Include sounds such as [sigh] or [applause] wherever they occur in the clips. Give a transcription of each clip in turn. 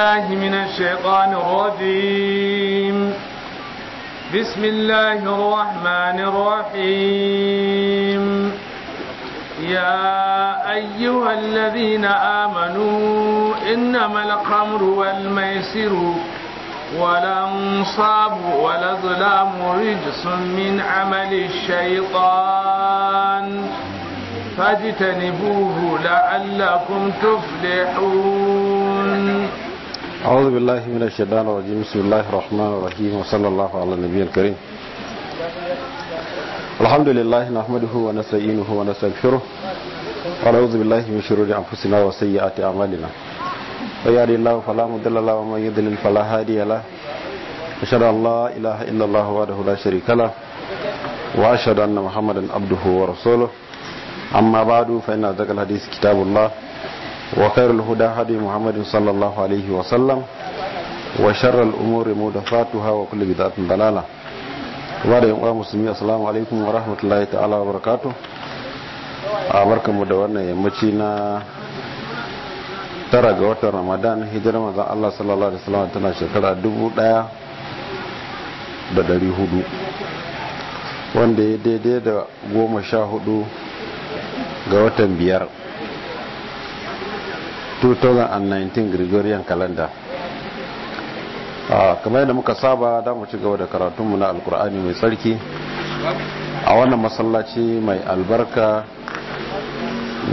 الله من الشيطان الرجيم بسم الله الرحمن الرحيم يا أيها الذين آمنوا إنما القمر والميسر والأنصاب ظلام رجس من عمل الشيطان فاجتنبوه لعلكم تفلحون أعوذ بالله من الشيطان الرجيم بسم الله الرحمن الرحيم وصلى الله على النبي الكريم الحمد لله نحمده ونستعينه ونستغفره ونعوذ بالله من شرور أنفسنا وسيئات أعمالنا من يهده الله فلا مضل له ومن يضلل فلا هادي له أشهد أن لا إله إلا الله وحده لا شريك له وأشهد أن محمدا عبده ورسوله أما بعد فإن أصدق الحديث كتاب الله wa khairul huda hadi muhammad sallallahu alaihi wa sallam wa sharral umuri mudafatuha wa kullu bid'atin dalala wa da yawa muslimi assalamu alaikum wa rahmatullahi ta'ala wa barakatuh barka mu da wannan yammaci na tara ga watan ramadan hijira zan allah sallallahu alaihi wa sallam tana shekara 1000 da ɗari hudu wanda ya daidai da goma sha hudu ga watan biyar 2019 gregorian calendar ah, kamar yadda muka saba da mu ci gaba da karatunmu na alkur'ani mai tsarki a wannan masallaci mai albarka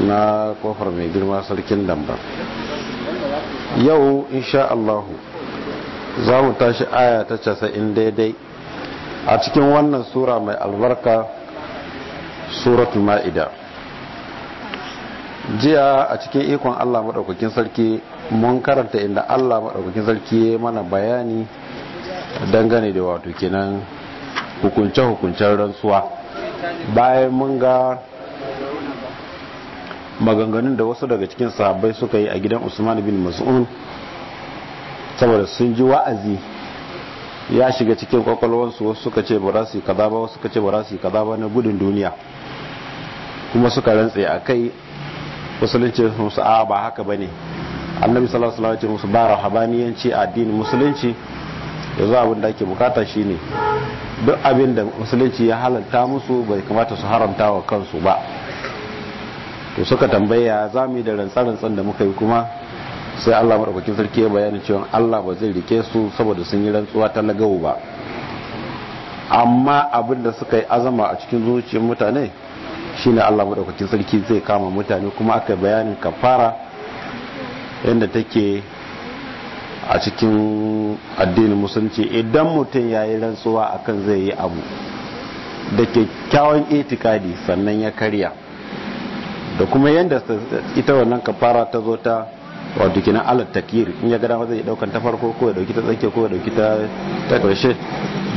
na kofar mai girma sarkin damba yau insha Allahu za mu tashi aya ta casa'in daidai a cikin wannan sura mai albarka suratu ma'ida jiya a cikin ikon Allah maɗaukakin sarki mun karanta inda Allah maɗaukakin sarki mana bayani dangane da wato kenan hukunce-hukuncen rantsuwa bayan mun ga maganganun da wasu daga cikin sahabbai suka yi a gidan usman bin mas'un saboda sun ji wa'azi ya shiga cikin kwakwalwansu wasu suka ce ba rasi ba wasu suka ce ba rasi ba na gudun duniya kuma suka rantse a kai musulunci musu a ba haka ba ne annabi sallallahu alaihi ce musu ba rahabaniyanci a addinin musulunci yanzu abin da ake bukata shine duk abin da musulunci ya halalta musu bai kamata su haramta wa kansu ba to suka tambaya za mu yi da rantsan-rantsan da muka yi kuma sai Allah maɗaukakin sarki ya bayani cewa Allah ba zai rike su saboda sun yi rantsuwa ta lagawo ba amma abin da suka yi azama a cikin zuciyar mutane shine Allah madaukakin sarki zai kama mutane kuma aka bayanin kafara yadda take a cikin addinin musulunci idan mutum ya yi rantsuwa akan zai yi abu da kyakkyawan itikadi sannan ya karya da kuma yadda ita wannan kafara ta zo ta wato kinan alat takiri in ya gada dama zai daukan ta farko ko ya dauki ta tsakiya ko ya dauki ta ƙarshe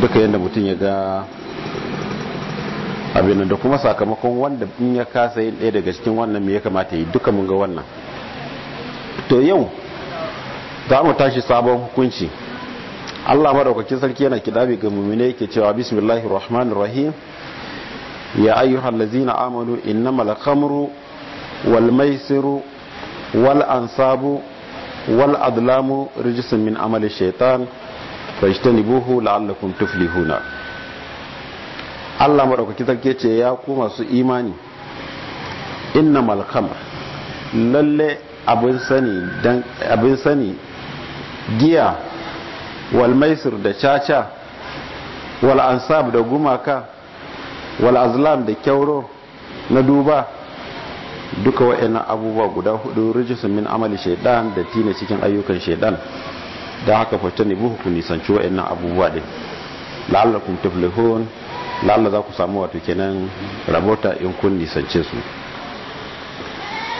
duka yadda mutum ya ga abin da kuma sakamakon wanda in ya kasa yin ɗaya daga cikin wannan me ya kamata yi duka mun wannan to yau za mu tashi sabon hukunci Allah madaukakin sarki yana kidabi ga mu'mine yake cewa bismillahir rahmanir rahim ya ayyuhal ladzina amanu innamal khamru wal maisiru wal ansabu wal adlamu rijsun min amali shaytan fajtanibuhu la'allakum tuflihuna Allah madaukaki sarki ce ya ku masu imani inna malkamar lalle abin sani giya wal maisir da caca wal ansab da gumaka wal azlam da kyauro na duba duka wa'annan abubuwa guda hudu rijisun min amali shaidan da tina cikin ayyukan shaidan da haka fata ne buhu ku nisanci wa'annan abubuwa din la'allakum tuflihun lalla za ku samu wato kenan rabota in kun nisance su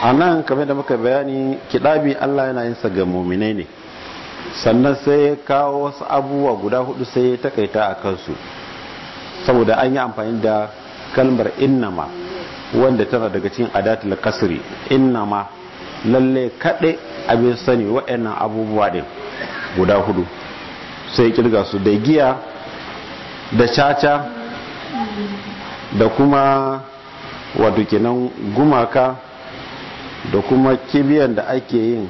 a nan kamar da muka bayani kiɗabi allah yana yin ga muminai ne sannan sai kawo wasu abubuwa guda hudu sai ya takaita a kansu saboda an yi amfani da kalmar innama wanda tana daga cikin adatul kasri innama lalle kaɗe abin sani waɗannan abubuwa ɗin guda hudu sai kirga su da giya da caca da kuma wato kenan gumaka da kuma kibiyan da ake yin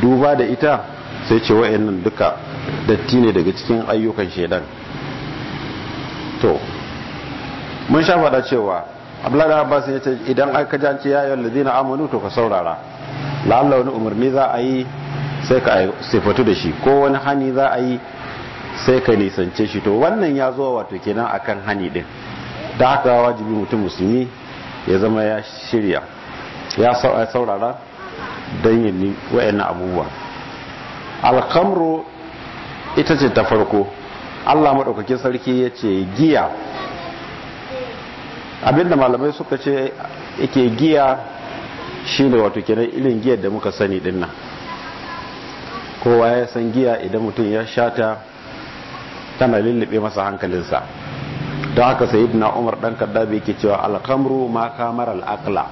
duba da ita sai ce wa'annan duka datti ne daga cikin ayyukan shaidan to mun sha fada cewa abdullahi abbas ya ce idan aka jance ya yawan lazina amanu to ka saurara la'alla wani umarni za a yi sai ka sifatu da shi ko wani hani za a yi sai ka nisance shi to wannan ya zo wato kenan akan hani din da haka wajibi mutum musulmi ya zama ya shirya ya saurara don yin na abubuwa alkamro ita ce ta farko allah maɗaukakin sarki ya ce giya abinda malamai suka ce yake giya shine wato kenan irin giyar da muka sani dinnan kowa ya san giya idan mutum ya shata tana lullube masa hankalinsa don haka sai ibn umar dan kaddabi yake cewa alkamru ma kamar al'akla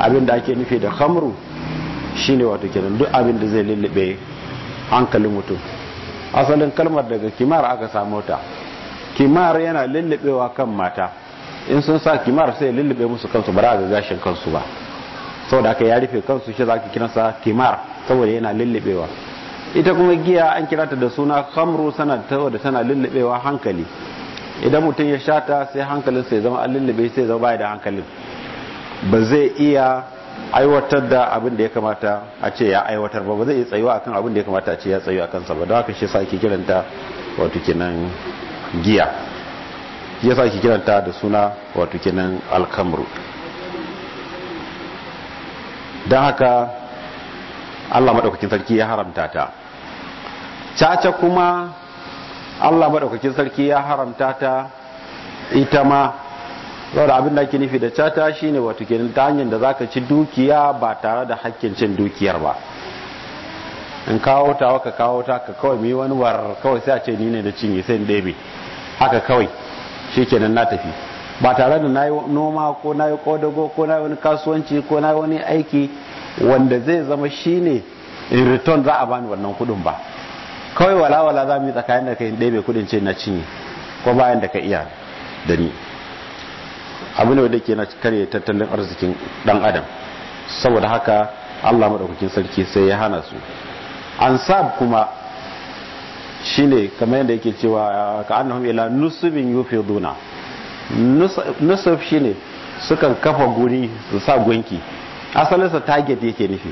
abinda ake nufi da khamru shine wato kenan duk abin da zai lullube hankalin mutum asalin kalmar daga kimar aka samu ta kimar yana lullubewa kan mata in sun sa kimar sai lullube musu kansu ba za gashin kansu ba saboda aka ya rufe kansu shi za ka kiransa kimar saboda yana lullubewa ita kuma giya an kira ta da suna khamru sana ta wadda tana lullubewa hankali idan mutum ya sha ta sai hankalin sai zama an lullube sai zama bai da hankalin ba zai iya aiwatar da abin da ya kamata a ce ya aiwatar ba ba zai iya tsayuwa akan abin da ya kamata a ce ya tsayu akan sa ba don haka shi yasa ake kiranta wato kenan giya shi yasa ake kiranta da suna wato kenan alkamru don haka Allah madaukakin sarki ya haramta ta caca kuma Allah maɗaukakin sarki ya haramta ta ita ma saboda abin da ake nufi da caca shine wato kenan ta hanyar da za ka ci dukiya ba tare da hakkin cin dukiyar ba in kawo ta waka kawo ta ka kawai mai wani war kawai sai a ce ni ne da cinye sai ɗebe haka kawai shi nan na tafi ba tare da na yi noma ko na yi kodago ko na yi wani kasuwanci ko na yi wani aiki wanda zai zama shi ne in return za a bani wannan kudin ba kawai walawala za mu yi tsakanin da kai ɗaya mai kudin ce na cinye ko bayan da ka iya da ni abu ne wanda ke na karye tattalin arzikin ɗan adam saboda haka Allah maɗaukakin sarki sai ya hana su ansab kuma shine kamar yadda yake cewa ka annahum ila nusubin yufiduna nusub shine sukan kafa guri su sa gunki asalinsa target yake nufi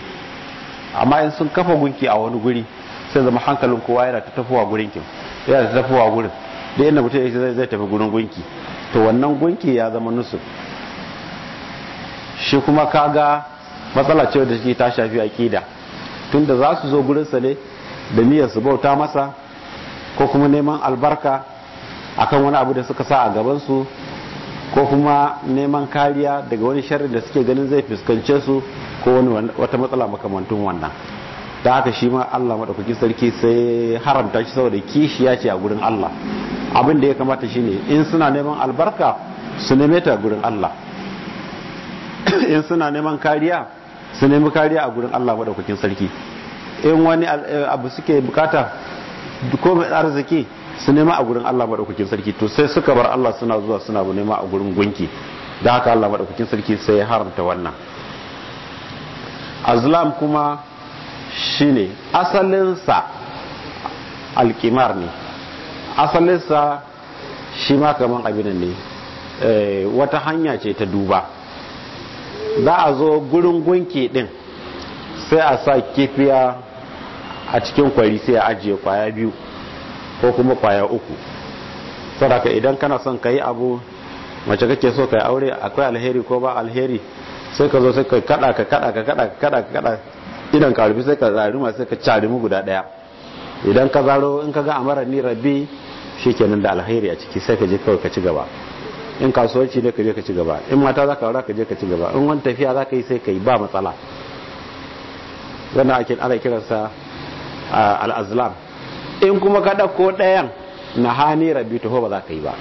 amma in sun kafa gunki a wani guri sai zama hankalin kowa yana ta tafowa gurin ki yana ta tafowa gurin da yana mutum ya zai tafi gurin gunki to wannan gunki ya zama nusu shi kuma kaga matsala ce da shi ta shafi akida tunda za su zo gurin sa ne da niyyar su bauta masa ko kuma neman albarka akan wani abu da suka sa a gabansu su ko kuma neman kariya daga wani sharri da suke ganin zai fuskance su ko wani wata matsala makamantun wannan da haka shi ma Allah madaukakin sarki sai haramta shi saboda kishiya ce a gurin Allah abin da ya kamata shi ne in suna neman albarka su neme ta gurin Allah [coughs] in suna neman kariya su nemi kariya a gurin Allah madaukakin sarki in wani eh, abu suke bukata ko mai arziki su nema a gurin Allah madaukakin sarki to sai suka bar Allah suna zuwa suna nema a gurin gunki da haka Allah madaukakin sarki sai ya haramta wannan azlam kuma ne asalinsa alkimar ne asalinsa shi ma kaman abinan ne eh, wata hanya ce ta duba za a zo gurin gunki din sai a sa kifiya a cikin kwari sai a ajiye kwaya biyu ko kuma kwaya uku saraka idan kana son ka yi abu mace kake so ka yi aure akwai alheri ko ba alheri sai ka zo sai ka kada ka kada ka kada ka kada ka kada idan ka rufe sai ka zari masu ka cari mu guda daya idan ka zaro in ka ga amara ni rabbi shikenan da alheri a ciki sai ka je kawai ka ci gaba in kasuwanci ne ka je ka ci gaba in mata za ka wara ka je ka ci gaba in wani tafiya za ka yi sai ka yi ba matsala wannan ake ana kiransa al'azlam in kuma ka ɗauko ɗayan na hani rabbi taho ba za ka yi ba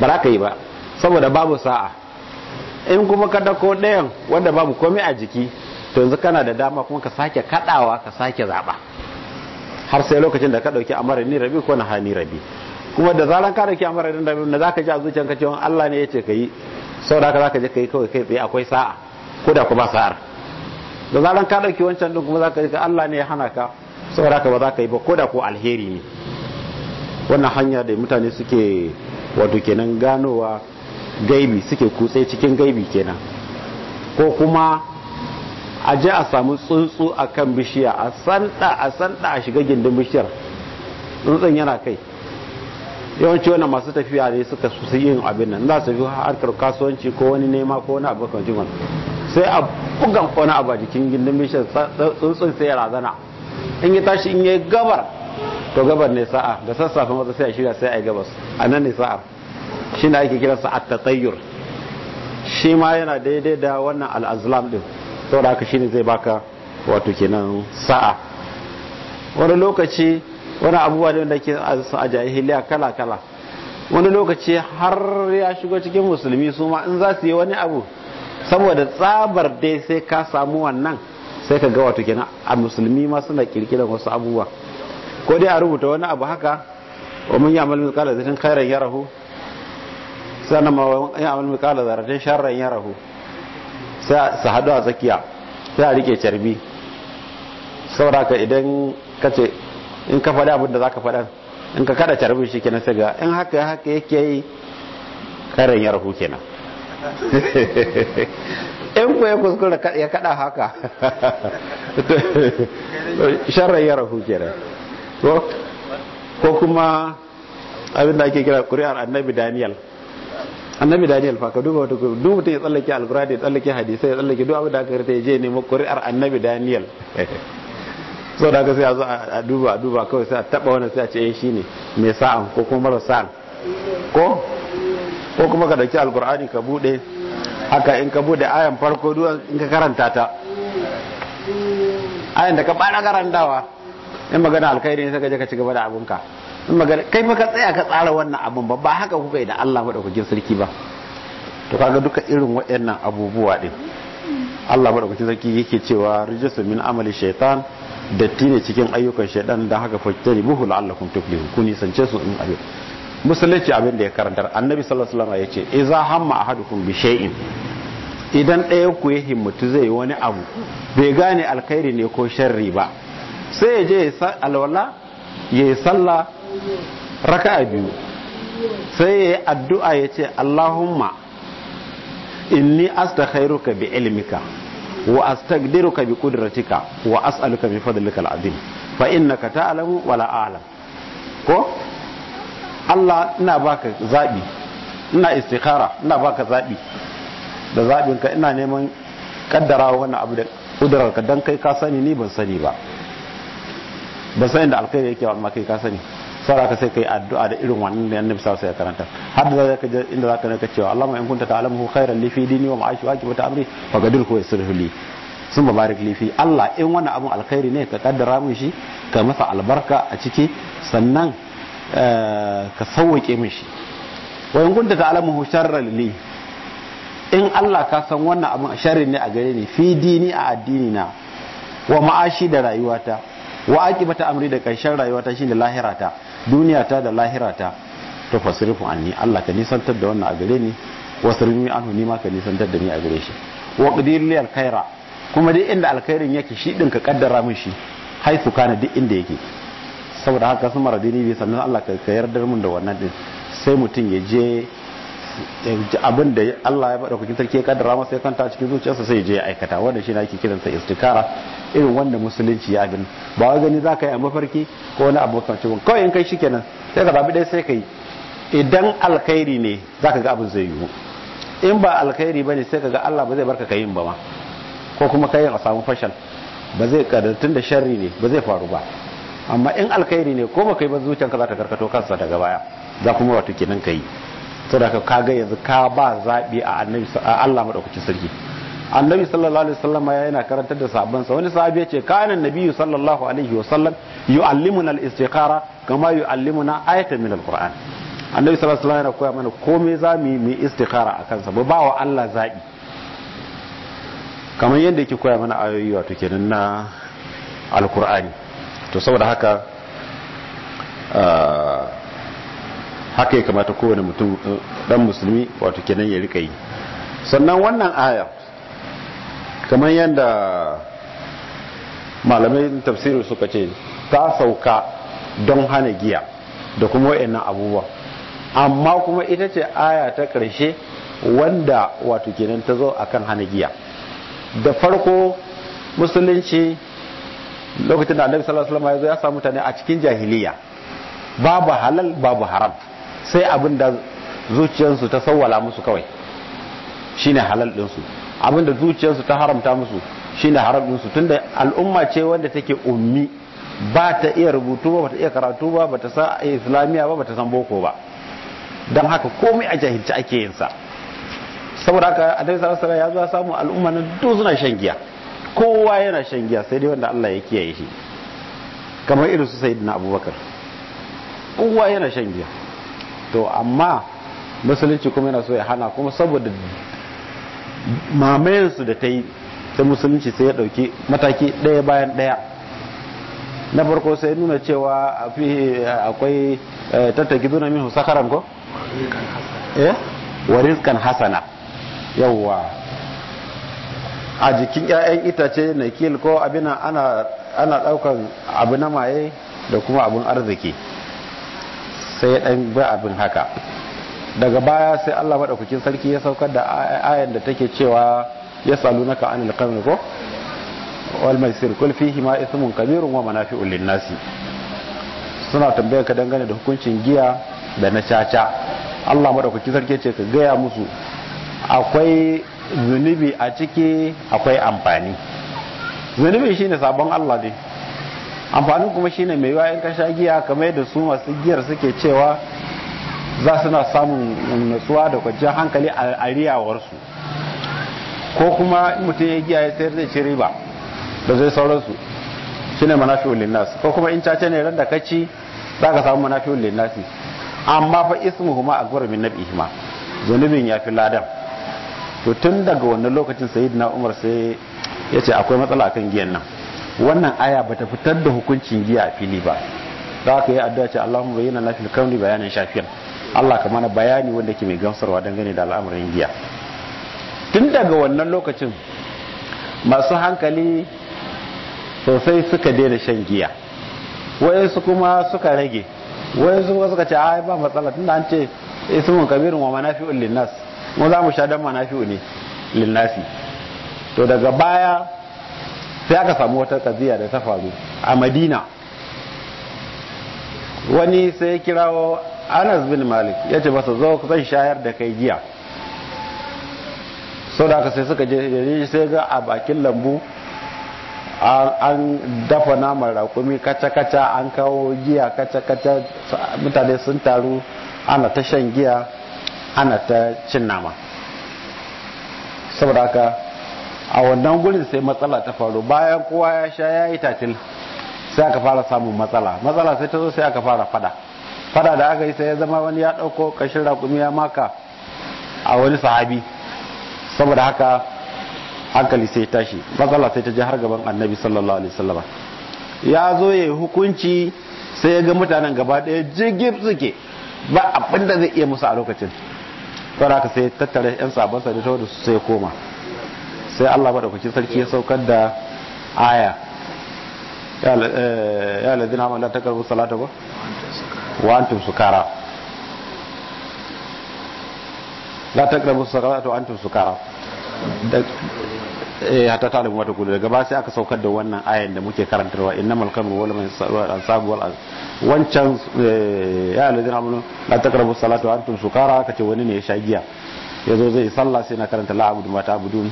ba za ka yi ba saboda babu sa'a in kuma ka ɗauko ɗayan wanda babu komai a jiki to yanzu kana da dama kuma ka sake kadawa ka sake zaba har sai lokacin da ka dauki amara ni rabi ko na hani rabi kuma da zalan ka dauki amara ni rabi na zaka ji a zuciyanka cewa Allah ne yace kai saboda ka zaka je kai kai kai tsaye akwai sa'a ko da kuma sa'ar da zalan ka dauki wancan din kuma zaka ji ka Allah ne ya hana ka saboda ka ba ka yi ba ko da ko alheri ne wannan hanya da mutane suke wato kenan ganowa gaibi suke kutse cikin gaibi kenan ko kuma a je a samu tsuntsu a kan bishiya a sanda a sanda a shiga gindin bishiyar tsuntsun yana kai yawanci wannan masu tafiya ne suka su yin abin nan za su fi harkar kasuwanci ko wani nema ko wani abu kan sai a bugan wani abu a jikin gindin bishiyar tsuntsun sai ya razana in ya tashi in ya gabar to gabar ne sa'a da sassafe maza sai a shirya sai a yi gabas a nan ne sa'ar shi ne ake kiransa a tatayyur shi ma yana daidai da wannan al'azlam din saboda haka shine zai baka wato kenan sa'a wani lokaci wani abubuwa ne da ke a jahiliya kala kala wani lokaci har ya shigo cikin musulmi su ma in za su yi wani abu saboda tsabar dai sai ka samu wannan sai ka ga wato kenan a musulmi ma suna kirkira wasu abubuwa ko dai a rubuta wani abu haka wa mun ya'mal mithqala dharratin khairan yarahu sannan ma ya'mal mithqala dharratin sharran yarahu sai su hadu a tsakiya sai a rike carbi saboda ka idan ka ce in ka faɗi abin da za ka faɗa in ka kada carbi shi kenan sai ga in haka haka yake yi karin ya rahu kenan [laughs] in ku ya kuskura ya kada haka [laughs] sharar ya rahu kenan ko kuma abin da ake kira kuri'ar annabi daniel annabi daniel fa ka duba wata duk mutum ya tsallake alkurani ya tsallake hadisai ya tsallake duk abin da aka karta ya je nemo kuri'ar annabi daniel so da ka sai a zo a duba a duba kawai sai a taba wani sai a ce eh, shi ne mai sa'an ko kuma mara sa'an ko ko kuma ka dauki alkur'ani ka bude haka in ka bude ayan farko duk in ka karanta ta ayan da ka bada karantawa in magana alkhairi ne sai ka je ka ci gaba da abunka kai kai ka tsaya ka tsara wannan abun ba ba haka kuka yi da Allah madaukakin sarki ba to kaga duka irin waɗannan abubuwa din Allah madaukakin sarki yake cewa rijisu min amali shaitan datti ne cikin ayyukan shaiɗan da haka fajtari buhu la'allakum tuflihun ku nisance su in abin musulunci abin da ya karantar annabi sallallahu alaihi wasallam yace iza hamma ahadukum bi shay'in idan ɗaya ku ya himmatu zai wani abu bai gane alkhairi ne ko sharri ba sai ya je alwala ya yi sallah raka'a biyu sai ya yi addu'a ya ce Allahumma inni astakhairuka bi ilmika wa astagdiruka bi kudratika wa as'aluka min fadlika al'azim fa innaka ta'lamu wa la a'lam ko Allah ina baka zabi ina istikhara ina baka zabi da ka ina neman kaddara wannan abu da kudrarka dan kai ka sani ni ban sani ba ba sani da alkhairi yake amma kai ka sani saboda ka sai kai addu'a da irin wannan da annabi sallallahu alaihi ya karanta har da zaka je inda zaka ka cewa Allahumma in kunta ta'lamu khairan li fi dini wa ma'ashi wa akibata amri fa qadir huwa yusrihu li sun ba barik lifi Allah in wannan abun alkhairi ne ka kaddara mun shi ka masa albarka a ciki sannan eh, ka sauke mun shi wa in kunta ta'lamu sharran li in Allah ka san wannan abun sharri ne a gare ni fi dini a addini na wa ma'ashi da rayuwata wa aqibata amri da karshen rayuwata shine lahirata duniyata da lahirata ta fasrifu anni Allah ka nisantar da wannan a gare ni rumi anhu ni ma ka nisantar da ni a gare shi wa qadir li alkhaira kuma dai inda alkhairin yake shi din ka kaddara mun shi haifu kana duk inda yake saboda haka sun maradini bi sannan Allah ka yardar mun da wannan din sai mutum ya je abin da Allah ya faɗa kukin sarki ya kaddara masa ya kanta cikin zuciyarsa sai ya je ya aikata wannan shi ne ake kiransa istikara irin wanda musulunci ya gani ba wai gani zaka yi a mafarki ko wani abu kan cikin kawai in kai kenan sai ka zabi ɗaya sai ka yi idan alkhairi ne za ka ga abin zai yiwu in ba alkhairi ba ne sai ka ga Allah ba zai barka ka yin ba ma ko kuma ka yi a samu fashal ba zai kadatun da sharri ne ba zai faru ba amma in alkhairi ne ko ba kai ba zuciyanka za ta karkato kansa daga baya za kuma wato kenan yi saboda ka ga yanzu ka ba zabi a annabi Allah madaukakin sarki annabi sallallahu alaihi wasallam ya yana karantar da sa wani sahabi yace kana annabi sallallahu alaihi wasallam yu'allimuna al-istikhara kama yu'allimuna ayatan min al-qur'an annabi sallallahu alaihi wasallam yana koya mana komai zamu yi mu istikhara akan sa ba wa Allah zabi kamar yadda yake koya mana ayoyi wato kenan na al-qur'ani to saboda haka ah, haka ya kamata kowane mutum eh, dan musulmi wato kenan ya rika yi sannan wannan ayar. kamar yadda malamai tafsirin suka ce ta sauka don hana giya da kuma wa'annan abubuwa amma kuma ita ce aya ta ƙarshe wanda wato kenan ta zo akan hana giya da farko musulunci lokacin da annabi sallallahu alaihi wasallam ya samu mutane a cikin jahiliya babu halal babu haram sai abin da zuciyarsu ta sawwala musu kawai shine halal ɗinsu abinda zuciyarsu ta haramta musu shine haram din su tunda al'umma ce wanda take ummi ba ta iya rubutu ba ba ta iya karatu ba ba ta san islamiya ba ba ta san boko ba don haka komai a jahilci ake yin sa saboda haka annabi sallallahu alaihi wasallam ya zo samu al'umma na duk suna shan giya kowa yana shan giya sai dai wanda Allah ya kiyaye shi kamar irin su sayyidina Abubakar kowa yana shan giya to amma musulunci kuma yana so ya hana kuma saboda Mamayansu da ta yi ta musulunci sai ya ɗauki mataki ɗaya bayan ɗaya na farko sai nuna cewa a fi akwai eh, tattaki zuna min sakaran ko? Eh? wa hasana yauwa a jikin 'ya'yan itace na kil ko abina ana ɗaukan abu na maye da kuma abin arziki sai ya ɗan ba abin haka daga baya sai Allah madaukakin sarki ya saukar da ayan da take cewa ya yasalunaka anil khamr ko wal maisir kul fihi ma ithmun kabirun wa manafi'un lin-nasi suna tambayar ka dangane da hukuncin giya da na caca Allah madaukakin sarki ce ka gaya musu akwai zunubi a ciki akwai amfani zunubi shine sabon Allah ne amfanin kuma shine mai yawa ka sha giya kamar da su masu giyar suke cewa za su samun natsuwa da kwanciyar hankali a ariyawarsu ko kuma mutum ya giya ya sayar zai ci riba da zai sauransu shi ne manafi'un ko kuma in cace ne ran da kaci za ka samu manafi'un linnasi amma fa a gwara min nabihima zunubin ya fi ladan to tun daga wannan lokacin na umar sai ya ce akwai matsala akan giyan nan wannan aya bata fitar da hukuncin giya a fili ba za ka yi addu'a ce Allahumma bayyana na fil kamri bayanin shafiyan Allah ka mana bayani wanda ke mai gamsarwa dangane da al'amarin giya tun daga wannan lokacin masu hankali sosai suka daina shan giya wayansu kuma suka rage wayansu kuma suka ce a ba matsala tunda an ce ismun kabirin wa manafi'un linnas mu za mu sha dan manafi'u ne linnasi to daga baya sai aka samu wata kaziya da ta faru a madina wani sai ya kirawo anas bin malik ya ce masa zo zan shayar da kai giya sau da aka sai suka je sai ga a bakin lambu an dafa naman rakumi kaca-kaca an kawo giya kaca-kaca mutane sun taru ana ta shan giya ana ta cin nama saboda haka a wannan gurin sai matsala ta faru bayan kowa ya sha ya yi tatil sai aka fara samun matsala matsala sai ta zo sai aka fara fada fara da aka yi sai ya zama wani ya ɗauko ƙashin raƙumi ya maka a wani sahabi saboda haka hankali sai tashi matsala sai ta ji har gaban annabi sallallahu alaihi wasallam ya zo ya yi hukunci sai ya ga mutanen gaba ɗaya jirgin suke ba abin da zai iya musu a lokacin fara ka sai tattara yan sabansa da tawar da su sai koma sai Allah ba kwakin sarki ya saukar da aya ya da ta takarbu salata ba wa antum sukara la الصلاة وأنتم salata eh sukara hatta ta alimu wata kudu daga ba sai aka saukar da wannan ayan da muke karantarwa inna malkamu wala mai sarwa ansabu wal wancan ya ladin amanu la taqrabu salata wa antum sukara kace wani ne ya sha giya yazo zai sallah sai na karanta la abudu mata abudu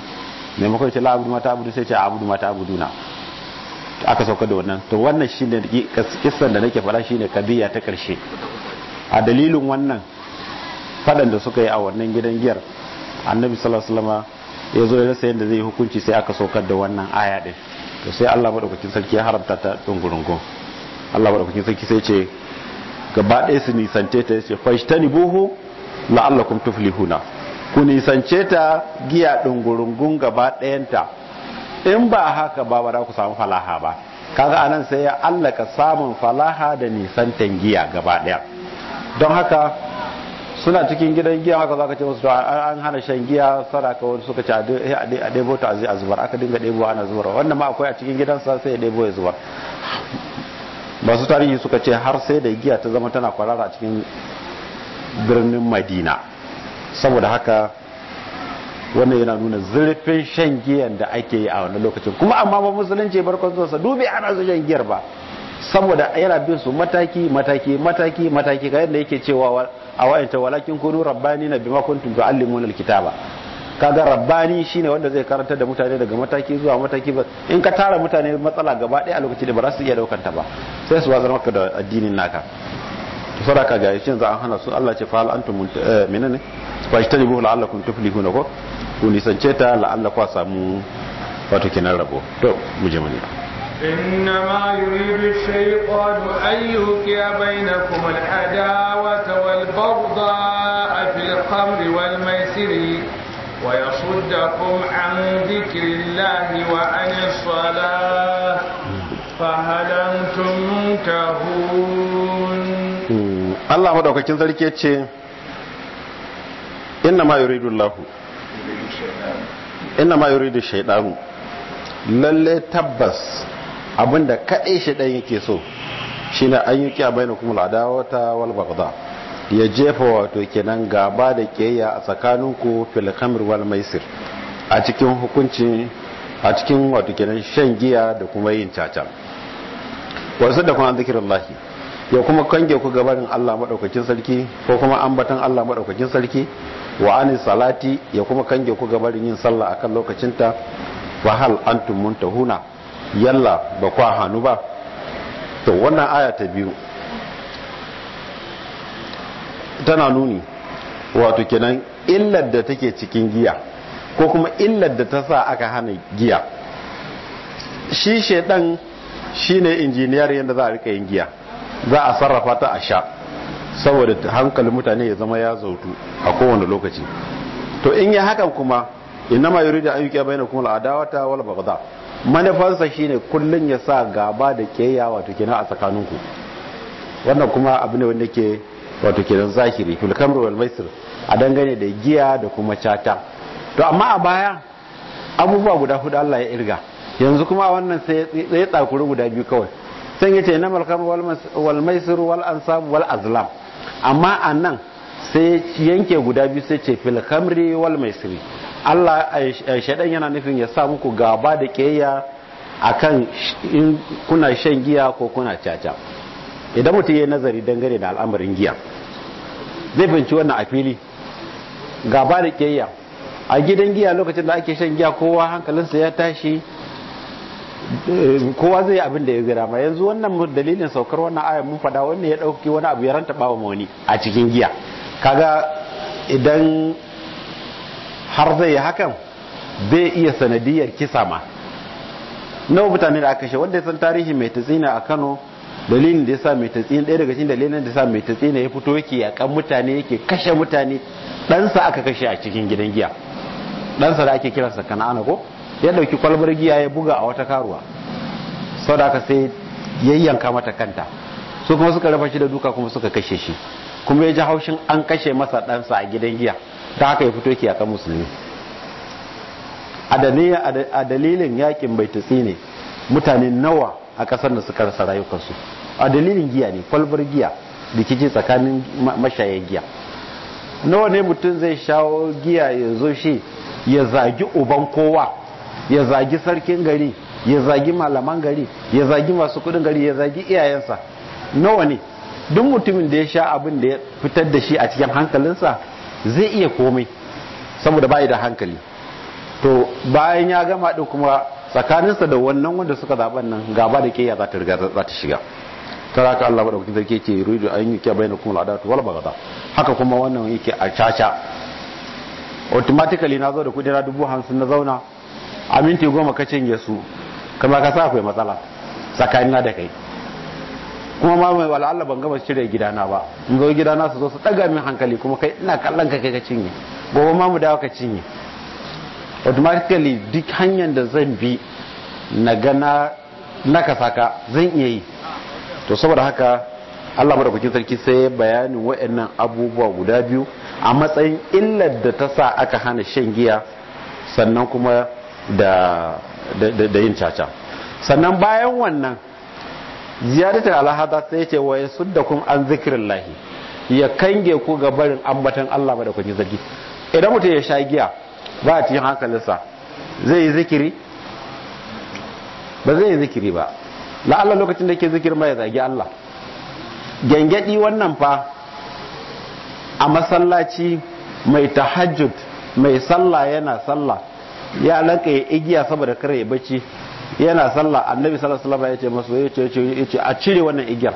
maimakon ce la abudu mata abudu sai ce abudu mata abuduna aka sauka da wannan to wannan shi ne kisan da nake fara ne kadiyya ta karshe a dalilin wannan fadan da suka yi a wannan gidan giyar annabi sallallahu alaihi wasallam ya zo ya rasa yadda zai hukunci sai aka saukar da wannan aya din to sai Allah madaukakin sarki ya haramta ta dungurungo Allah madaukakin sarki sai ce gaba ɗaya su nisance ta yace buhu, la'allakum tuflihuna ku nisance ta giya dungurungun gaba ta. in ba haka ba ba za ku samu falaha ba kaga anan sai ya allaka samun falaha da nisan tangiya gaba daya don haka suna cikin gidan giya haka zaka ce musu to an hana shan giya sadaka wani suka ce a ɗebo eh, ta a zubar aka dinga ɗebo ana zubar wannan ma akwai a cikin gidan sa sai ya ɗebo ya zubar masu tarihi suka ce har sai da giya ta zama tana kwarara a cikin birnin madina saboda haka wannan yana nuna zurfin shan giyan da ake yi a wannan lokacin kuma amma ba musulunci barkon zuwansa dubi ana su shan giyar ba saboda yana bin su mataki mataki mataki mataki ga yadda yake cewa a wayanta walakin kunu rabbani na bima kuntum tu'allimuna alkitaba kaga rabbani shine wanda zai karanta da mutane daga mataki zuwa mataki ba in ka tara mutane matsala gaba daya a lokacin da ba za su iya daukar ta ba sai su wazar maka da addinin naka sadaka ga yashin za a hana su Allah ce fa hal antum eh, ne fa ishtaribu la'allakum tuflihuna ko ku nisance ta la'alla kwa samu wato kenan rabo to mu je mani إنما يريد الشيطان أن يوقع بينكم العداوة والبغضاء في الخمر والميسر ويصدكم عن ذكر الله وعن الصلاة فهل أنتم منتهون الله مدعوك كنت ce. إنما يريد الله ina ma yuridu shaidanu lalle tabbas abinda kadai shaidan yake so shine an yi kiya bainakum al'adawata wal baghdha ya jefa wato kenan gaba da keya a tsakaninku fil khamr wal maisir a cikin hukunci a cikin wato kenan shan giya da kuma yin caca wasu da kuma zikrullahi ya kuma kange ku gabanin Allah madaukakin sarki ko kuma ambatan Allah madaukakin sarki wa ani salati ya kuma kange ku ga barin yin sallah akan lokacinta wa hal antum muntahuna yalla ba kwa hanu ba to wannan aya ta biyu tana nuni wato kenan illar da take cikin giya ko kuma illar da ta sa aka hana giya shi shedan shine injiniyar yadda za a rika yin giya za a sarrafa ta a sha saboda hankalin mutane ya zama ya zautu a kowane lokaci to in yi hakan kuma inna ma yuridu an yuqiya bainakum al-adawata wal baghdha manufarsa shine kullun ya sa gaba da keya wato kenan a tsakaninku wannan kuma abu ne wanda ke wato kenan zahiri fil kamru wal a dangane da giya da kuma chata to amma a baya abubuwa guda hudu Allah ya irga yanzu kuma wannan sai ya tsakuri guda biyu kawai sai yace ce mal kamru wal maisir wal azlam amma a nan sai yanke guda biyu sai ce fil khamri wal maisiri Allah eh, eh, shaidan yana nufin ya sa muku gaba da kiyayya akan in kuna shan giya ko kuna caca idan mutum ya nazari dangane da al'amarin giya zai fahimci wannan a fili gaba da keya a gidan giya lokacin da ake shan giya kowa hankalinsa ya tashi kowa zai abin da ya zira ma yanzu wannan dalilin saukar wannan aya mun fada wannan ya dauki wani abu ya ranta bawa wani a cikin giya kaga idan har zai yi hakan zai iya sanadiyar kisa ma nawa mutane da aka shi wanda ya san tarihi mai tatsina a Kano dalilin da ya sa mai tatsina ɗaya daga cikin dalilin da ya sa mai tatsina ya fito yake yakan mutane yake kashe mutane ɗansa aka kashe a cikin gidan giya ɗansa da ake kiransa kana'ana ko ya dauki kwalbar giya ya buga a wata karuwa sau da aka sai yayyanka mata kanta su kuma suka rafa shi da duka kuma suka kashe shi kuma ya ji haushin an kashe masa ɗansa a gidan giya ta haka ya fito yake akan musulmi a dalilin yakin bai tutsi ne mutane nawa a ƙasar da suka rasa rayukansu a dalilin giya ne kwalbar giya rikici tsakanin mashayan giya nawa ne mutum zai shawo giya ya zo shi ya zagi uban kowa ya zagi sarkin gari ya zagi malaman gari ya zagi masu kudin gari ya zagi iyayensa nawa ne duk mutumin da ya sha abin da ya fitar da shi a cikin hankalinsa zai iya komai saboda bai da hankali to bayan ya gama din kuma tsakaninsa da wannan wanda suka zaben nan gaba da kiyaya za ta riga za ta shiga taraka Allah madaukakin sarki yake yuridu an yi kuma bainakum al'adatu wal baghda haka kuma wannan yake a caca automatically na zo da kudi na dubu hamsin na zauna a minti goma ka cinye su kama ka sa akwai matsala tsakanina da kai kuma ma mai wala Allah ban gama cire gidana ba in zo gidana su zo su daga min hankali kuma kai ina kallon ka kai ka cinye gobe ma mu dawo ka cinye automatically duk hanyar da zan bi na gana na ka saka zan iya yi to saboda haka Allah madaukakin sarki sai ya bayanin wa'annan abubuwa guda biyu a matsayin illar da ta sa aka hana shan giya sannan kuma da da yin caca sannan bayan wannan ziyadatul alhada sai ce wa kun an lahi ya kange ku ga barin ambatan Allah da kun yi zagi idan mutum ya sha giya ba a cikin hankalinsa zai yi zikiri ba zai yi zikiri ba la'alla lokacin da yake zikirin ma ya zagi Allah gengedi wannan fa a masallaci mai tahajjud mai sallah yana sallah ya lanka ya igiya saboda kare ya bacci yana sallah annabi sallallahu alaihi wasallam ya ce masu ya ce a cire wannan igiyar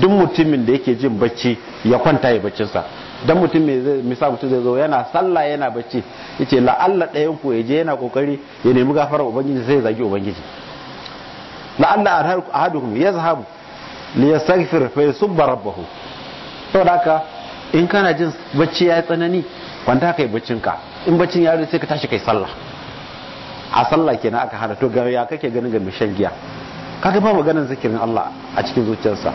duk mutumin da yake jin bacci ya kwanta ya baccin sa dan mutum mai zai mutum zai zo yana sallah yana bacci yace la Allah ɗayan ku ya yana kokari ya nemi gafara ubangiji sai zagi ubangiji la Allah ahadukum yazhabu li yastaghfir fa yusubba rabbahu to haka in kana jin bacci ya tsanani kwanta kai baccin ka in baccin ya sai ka tashi kai sallah a sallah kenan aka hana to ga ya kake ganin ga shan giya kaga ba maganar zikirin Allah a cikin zuciyarsa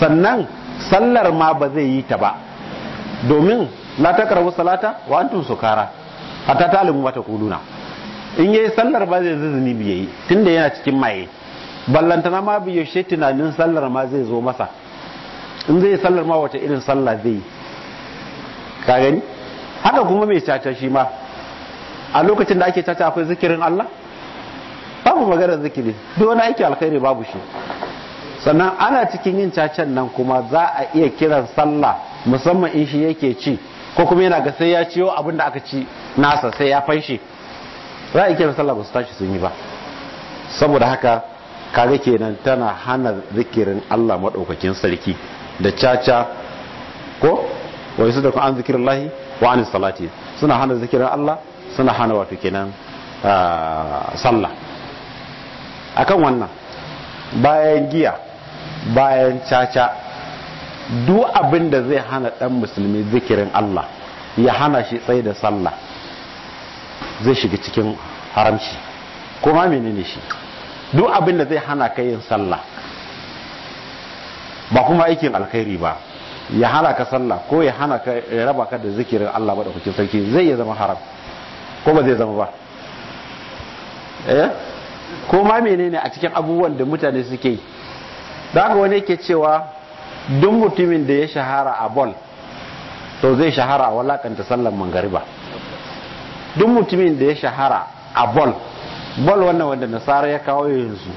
sannan sallar ma ba zai yi ta ba domin la takrabu salata wa antum sukara hatta ta'lamu mata kuluna in yayi sallar ba zai zuzuni yayi tunda yana cikin maye ballantana ma bi shi tunanin sallar ma zai zo masa in zai sallar ma wata irin sallah zai yi ka gani haka kuma mai caca shi ma a lokacin da ake caca akwai zikirin Allah babu magana zikiri duk wani aiki alkhairi babu shi sannan ana cikin yin cacan nan kuma za a iya kiran sallah musamman in shi yake ci ko kuma yana ga sai ya ciyo abin da aka ci nasa sai ya fanshi za a iya kiran sallah ba su tashi sun yi ba saboda haka kaga kenan tana hana zikirin Allah madaukakin sarki da caca ko da yusudakum an lahi wa an salati suna hana zikirin Allah suna hana wato kenan sallah akan wannan bayan giya bayan caca duk abin da zai hana dan musulmi zikirin Allah ya hana shi tsaye da sallah zai shiga cikin haramci kuma menene shi duk abin da zai hana ka yin sallah ba kuma aikin alkhairi ba ya hana ka sallah ko ya hana ka ya raba ka da zikirin Allah madaukakin sarki zai iya zama haram ko ba zai zama ba eh ko ma menene a cikin abubuwan da mutane suke yi da haka wani yake cewa duk mutumin da ya shahara a bol to zai shahara a walakanta sallan mangariba duk mutumin da ya shahara a bol bol wannan wanda nasara ya kawo yanzu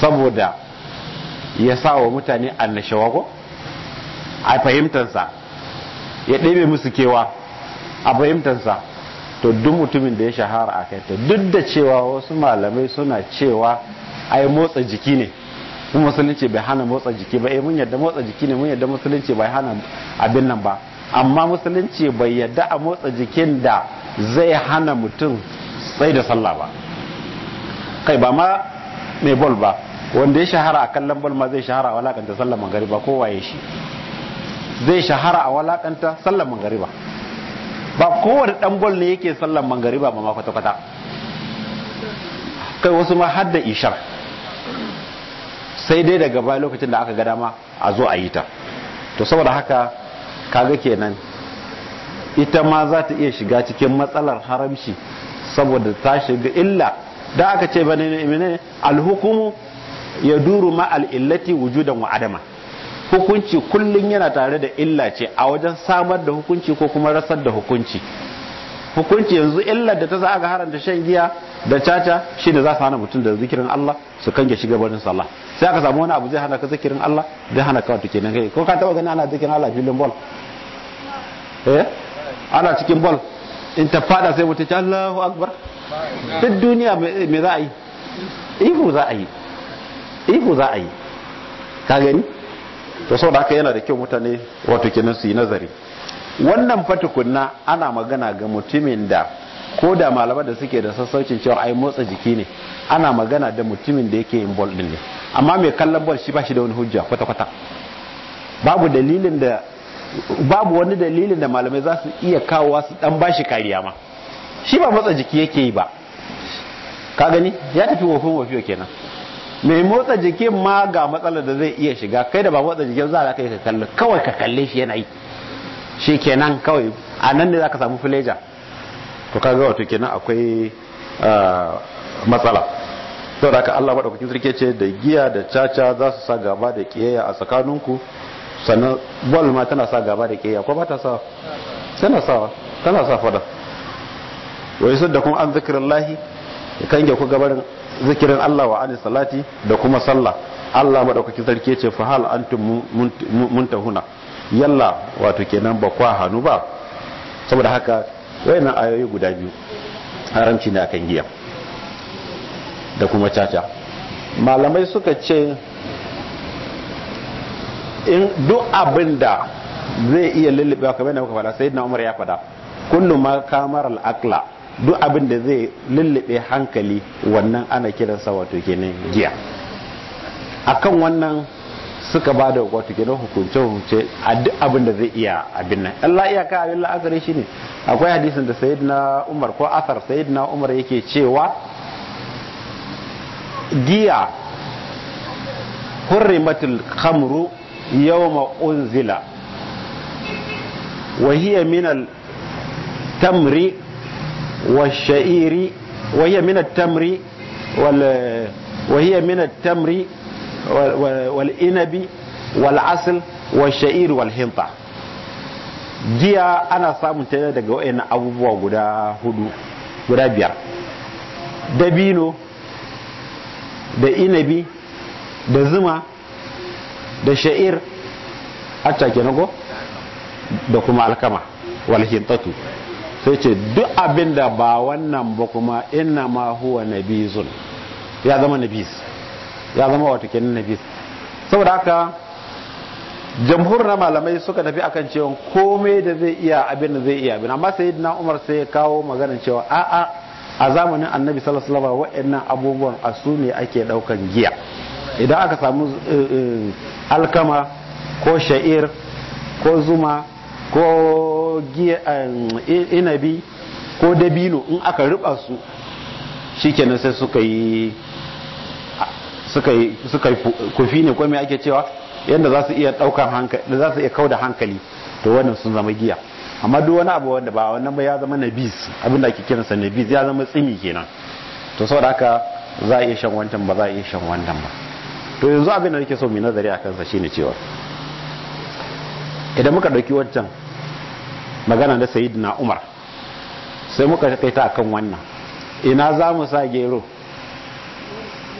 saboda ya sa wa mutane annashawa ko a fahimtansa ya ɗebe musu kewa a fahimtansa to duk mutumin da ya shahara a kai ta duk da cewa wasu malamai suna cewa ai motsa jiki ne kuma musulunci bai hana motsa jiki ba eh, mun yadda motsa jiki ne mun yadda musulunci bai hana abin nan ba amma musulunci bai yadda a motsa jikin da zai hana mutum sai da sallah ba kai ba ma mai bol ba wanda ya shahara a kallon bol ma zai shahara a walakanta sallar magariba ko waye shi zai shahara a walakanta sallar magariba ba kowane ɗan gwal ne yake sallan mangariba ba ma kwata kwata kai wasu ma har da ishar sai dai daga baya lokacin da aka ga dama a zo a yi ta to saboda haka kaga kenan ita ma za ta iya shiga cikin matsalar haramci saboda ta shiga illa da aka ce ne ne alhukumu ya duru ma al'illati wujudan wa adama hukunci kullum yana tare da illa ce a wajen samar da hukunci ko kuma rasar da hukunci hukunci yanzu illar da ta sa aka haranta shan giya da caca shi ne za su hana mutum da zikirin Allah su kange shiga barin sallah sai aka samu wani abu zai hana ka zikirin Allah zai hana kawai tuke nan kai ko ka taba gani ana zikirin Allah filin bol. eh ana cikin bol in ta fada sai mutum ta Allahu akbar duk duniya me za a yi ihu za a yi ihu za a yi ka gani to saboda aka yana da kyau mutane wato kenan su yi nazari wannan fatukunna ana magana ga mutumin da ko da malaman da suke da sassaucin cewa ai motsa jiki ne ana magana da mutumin da yake yin bol din ne amma mai kallon bol shi ba shi da wani hujja kwata kwata babu dalilin da babu wani dalilin da malamai za su iya kawowa su dan bashi kariya ma shi ba matsa jiki yake yi ba ka gani ya tafi wofin wofiyo kenan mai motsa jikin ma ga matsala da zai iya shiga kai da ba motsa jikin za ka yi ka kalli kawai ka kalli shi yana yi shi kenan kawai a nan ne za ka samu fileja to ka ga wato kenan akwai ah, matsala to da ka Allah madaukakin sarki ce da giya da caca za su sa gaba da kiyayya a tsakaninku sannan bol ma tana sa gaba da kiyayya ko ba ta sa tana sa tana sa fada da kuma an zikrillahi kan ga ku gabarin zikirin Allah wa alayhi salati da kuma sallah Allah madaukaki sarki ce fa hal antum muntahuna yalla wato kenan ba kwa hannu ba saboda haka wayannan ayoyi guda biyu haramci ne akan giya da kuma caca malamai suka ce in duk abin da zai iya lullube kamar da muka faɗa Sayyidina umar ya faɗa kullum ma kamar Akla. duk abin da zai lullube hankali wannan ana kiransa wato kenan giya akan wannan suka ba da wato kenan hukunce hukunce a duk abin da zai iya abin nan Allah ka abin la'akari shine akwai hadisin da sayyidina Umar ko asar sayyidina Umar yake cewa giya hurrimatul khamru yawma unzila wa hiya min al tamri والشعير وهي من التمر وال وهي من التمر والإنب والعسل والشعير والهنطة giya ana samun ta daga wayan abubuwa guda hudu guda biyar dabino da inabi da zuma da sha'ir hatta kenago da kuma alkama walhintatu sai ce duk abin da ba wannan ba kuma ina ma huwa nabizun ya zama nabiz ya zama wata kenan nabiz saboda haka jamhur na malamai suka tafi akan cewa komai da zai iya abin da zai iya abin amma na Umar sai ya kawo maganin cewa a a a zamanin Annabi sallallahu alaihi abubuwan a su ne ake daukan giya idan aka samu eh, eh, alkama ko sha'ir ko zuma ko um, inabi ko dabino in aka riba su shikenan sai suka yi suka yi suka yi kufi ne ko me ake cewa yadda za su iya daukan hankali za su iya kauda hankali to wannan sun zama giya amma duk wani abu wanda ba wannan ba ya zama nabis abinda ake sa nabis ya zama tsimi kenan to saboda haka za a iya shan wantan ba za a iya shan wantan ba to yanzu abin da nake so mu nazari a kansa shine cewa idan muka ɗauki wancan magana na umar sai muka kai ta akan wannan ina za mu sa gero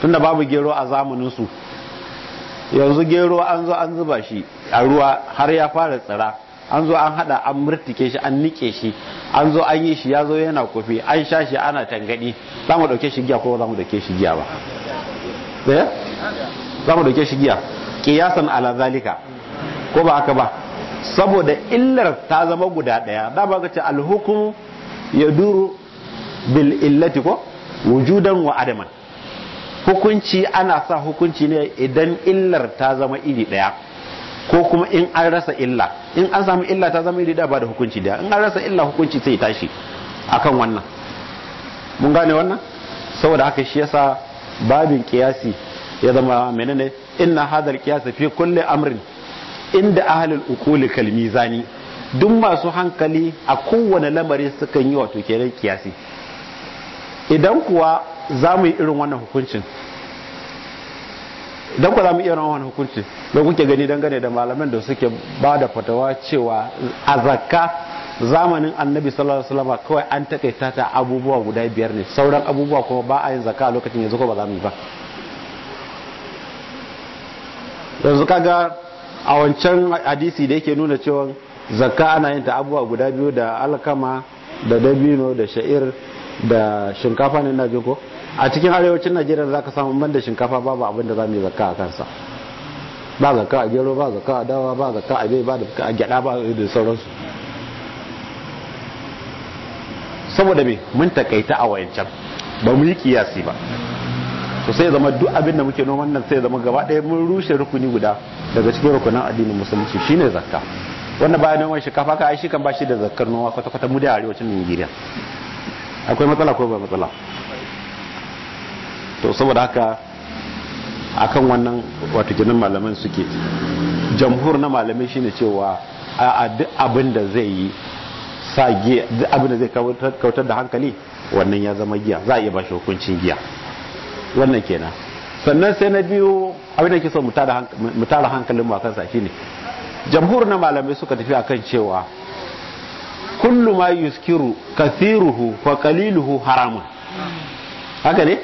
tunda babu gero a zamaninsu yanzu gero an zo an zuba shi a ruwa har ya fara tsira an zo an hada an murtike shi an nike shi an zo an yi shi ya zo yana kofi an sha shi ana tangadi za mu dauke shi giya ko za mu dauke shi giya ba eh? za mu dauke shi giya kiyasan ala zalika ko ba haka ba saboda illar ta zama guda ɗaya da ba ga ce ya duru bil illati ko wujudan wa adaman hukunci ana sa hukunci ne idan illar ta zama iri ɗaya ko kuma in an rasa illa in an samu illa ta zama iri ɗaya ba da hukunci ɗaya in an rasa illa hukunci sai tashi akan wannan mun gane wannan saboda haka shi yasa babin kiyasi ya zama menene inna hadal kiyasi fi kulli amrin inda ahalul ukuli kalmi mizani duk masu hankali a kowane lamari sukan yi wato kenan kiyasi idan kuwa za mu yi irin wannan hukuncin idan kuwa za mu yi irin wannan da kuke gani dangane da malaman da suke ba da fatawa cewa a zakka zamanin annabi sallallahu alaihi wasallam kawai an takaita ta abubuwa guda biyar ne sauran abubuwa kuma ba a yin zakka a lokacin yanzu ko ba za mu yi ba yanzu a wancan hadisi da yake nuna cewa zakka ana yin ta abuwa guda biyu da alkama da dabino da sha'ir da shinkafa ne na ko a cikin arewacin najeriya za ka samu ban da shinkafa babu abin da za mu yi zakka a kansa ba zakka a gero ba zakka a dawa ba zakka a bai ba da a gyada ba da sauransu saboda me mun takaita a wayancan ba mu yi kiyasi ba to sai zama duk abin da muke noman nan sai zama gaba ɗaya mun rushe rukuni guda daga cikin rukunin addinin musulunci shine zakka wanda bayan noman shinkafa ka ai shi kan bashi da zakkar noma kwata kwata mu da arewacin Najeriya akwai matsala ko ba matsala to saboda haka akan wannan wato jinin malaman suke jamhur na malamai shine cewa a duk abin da zai yi sa giya duk abin da zai kautar da hankali wannan ya zama giya za a iya bashi hukuncin giya wannan kenan sannan sai na biyu abin da ke so mu tara hankalin mu akan kansa shine jamhur na malamai suka tafi akan cewa kullu ma yuskiru kathiruhu wa qaliluhu haramun haka ne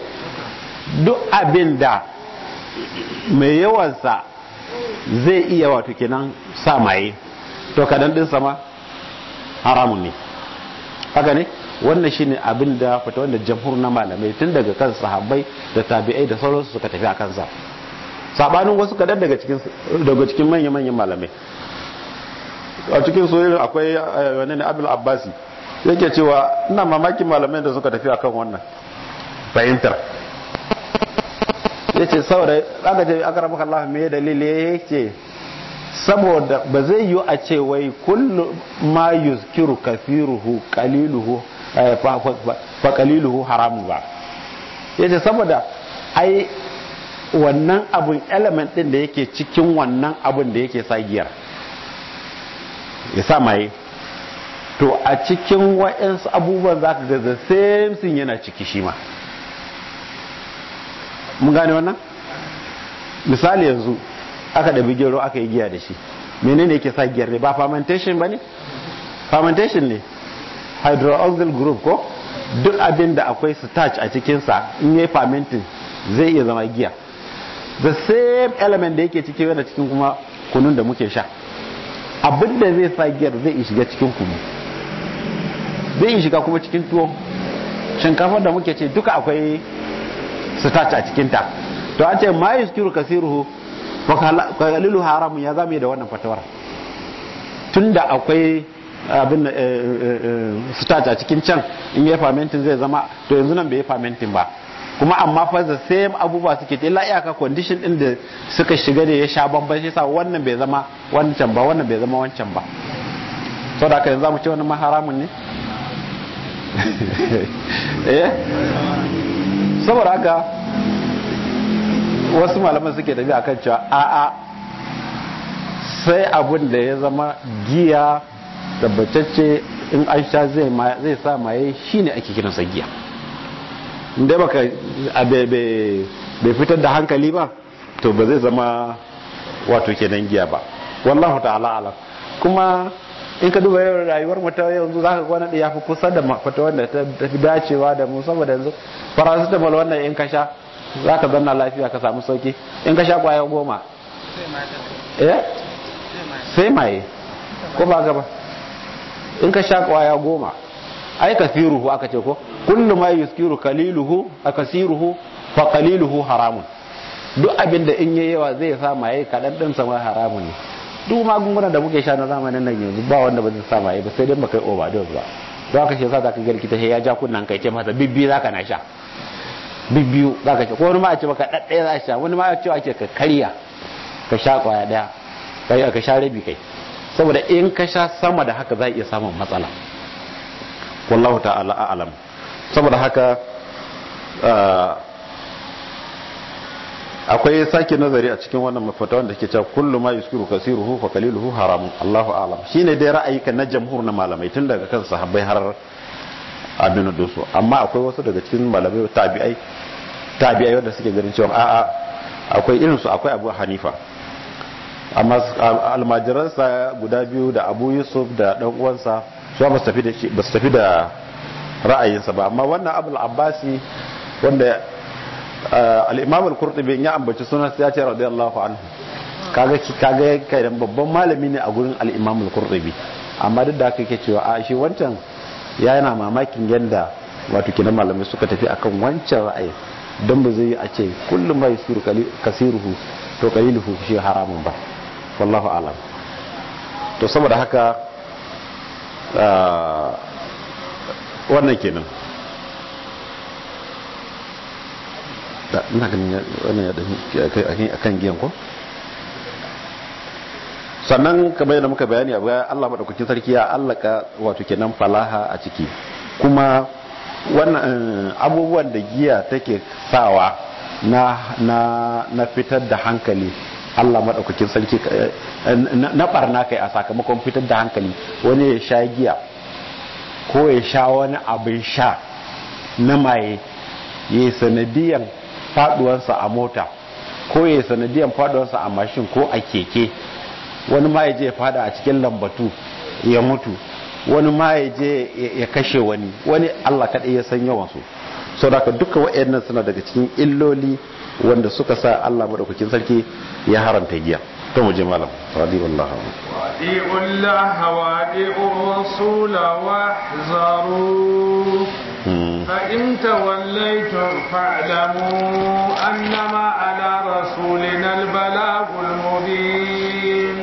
duk abin da mai yawansa zai iya wato kenan sa maye to kadan din sama haramun ne haka ne wannan shine abin da fata wanda jamhur na malamai tun daga kan sahabbai da tabi'ai da sauransu suka tafi a kansa sabanin wasu kadan daga cikin daga cikin manyan manyan malamai a cikin soyayya akwai eh, wani ne abul abbasi yake cewa ina mamakin malamai da suka tafi akan wannan fahimtar yace saboda aka ce aka rabu Allah me dalili yake saboda ba zai yi a ce wai kullu ma yuzkiru kafiruhu qaliluhu Eh, fa qaliluhu haramun ba yace saboda ai wannan abun element din da yake cikin wannan abun da yake sa giyar ya sa maye to a cikin wa'ansu abubuwan za ka gaza same yana ciki shi ma mun gane wannan misali yanzu aka ɗabi gero aka yi giya da shi menene yake sa giyar ne ba fermentation ba ne fermentation ne hydroxyl group ko duk abin da akwai starch a cikinsa in yi fermenting zai iya zama giya the same element da yake cikin yana cikin kuma kunun da muke sha abin da zai sa giyar zai shiga cikin kunu zai shiga kuma cikin tuwo shinkafar da muke ce duka akwai starch a cikinta to an ce ma skiru kasiruhu wa haramun ya zame da wannan fatawar tunda akwai abin eh, eh, eh, starch a cikin can in ya famentin zai zama to yanzu nan bai yi famentin ba kuma amma fa the same abubuwa suke ta illa iyaka condition din da suka shiga da ya sha bamban shi sa wannan bai zama wancan ba wannan bai zama wancan ba da kai yanzu mu ce wannan ma haramun ne [laughs] eh saboda haka wasu malaman suke tafi akan cewa a sai abun da ya zama giya tabbatacce in an sha zai sa maye ne ake kiran sa giya inda baka bai fitar da hankali ba to ba zai zama wato kenan giya ba wallahu ta'ala alam kuma in ka duba yau rayuwar mu ta yanzu ka ga da ya fi kusa da mafata wanda ta fi dacewa da mu saboda yanzu paracetamol wannan in ka sha ka zanna lafiya ka samu sauki in ka sha kwaya goma eh? sai maye ko ba gaba in ka sha kwaya goma ai ka siruhu aka ce ko kullu ma yuskiru kaliluhu siruhu fa qaliluhu haramun duk abin da in yayi yawa zai sa maye kadan din sa haramun ne duk magungunan da muke sha na zamanin nan yanzu ba wanda ba zai sa maye ba sai dai makai yi overdose ba za ka ce sa za ka ga likita ya ja kunnan kai ce masa bibbi za ka na sha bibbiyu za ka ce ko wani ma a ce baka ɗaɗɗaya za a sha wani ma a ce ka karya ka sha kwaya ɗaya ka sha rabi kai saboda in ka sha sama da haka za iya samun matsala wallahu ta'ala a'lam saboda haka akwai sake nazari a cikin wannan mafata wanda ke cewa kullu ma yuskiru kasiruhu fa qaliluhu haram Allahu a'lam shine dai ra'ayi kan na jamhur na malamai tun daga kan sahabbai har abin da su amma akwai wasu daga cikin malamai tabi'ai tabi'ai wanda suke ganin cewa a'a akwai irin su akwai Abu Hanifa almajiransa guda biyu da abu yusuf da dan uwansa su ba su tafi da ra'ayinsa ba amma wannan abul abbasi wanda eh, al-imam al-qurtubi ya ambaci sunan sai ya ce radiyallahu anhu kaga kaga kai dan babban malami ne a gurin al-imam al amma duk da haka yake cewa a shi wancan ya yana mamakin yanda wato kinan malamai suka tafi akan wancan ra'ayi dan ba zai a ce kullum mai suru kasiruhu to kaliluhu shi haramun ba wallahu alam to saboda haka ah, wannan kenan da ina ganin wannan ya dani kan giyan ko sannan kamar yadda muka bayani a baya Allah madaukakin sarki ya allaka wato kenan falaha a ciki kuma wannan eh, abubuwan da giya take sawa na na na fitar da hankali Allah madaukakin sarki eh, na barna kai a sakamakon fitar da hankali wani ya sha giya ko ya sha wani abin sha na maye ya sanadiyan faduwansa a mota ko ya sanadiyan faduwansa a mashin ko a keke wani ma ya je ya fada a cikin lambatu ya mutu wani ma ya je ya kashe wani wani Allah kaɗai ya san yawansu sau da duka wa'annan suna daga cikin illoli wanda suka sa Allah madaukakin sarki ya haramta giya to mu je malam radiyallahu anhu wa di'ullah wa di'ur rasul wa hazaru hmm. fa in tawallaytum fa'lamu annama ala rasulina al-balagul mubin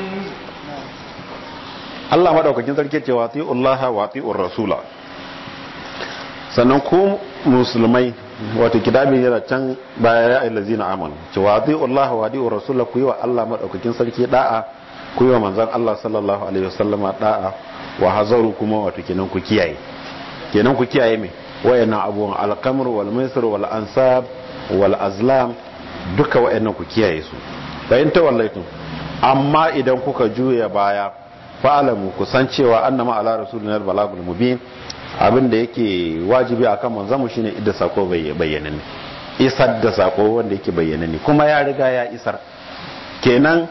Allah madaukakin sarki ce wa ti'ullah wa ti'ur rasula sannan ku musulmai wato kitabi yana can baya ya ayyul ladzina amanu wa ati'u Allah wa ati'u rasula ku yi wa Allah madaukakin sarki da'a ku yi wa manzon Allah sallallahu alaihi wasallama da'a wa hazaru kuma wato kenan ku kiyaye kenan ku kiyaye me wayannan abubuwan al-qamr wal maisir wal ansab wal azlam duka wayannan ku kiyaye su bayan ta wallaitun amma idan kuka juya baya fa'alamu ku san cewa annama ala rasulina al-balagul mubin abin da yake wajibi a akan manzon shine idda sako bayyana ne isar da sako wanda yake bayyana ne kuma ya riga ya isar kenan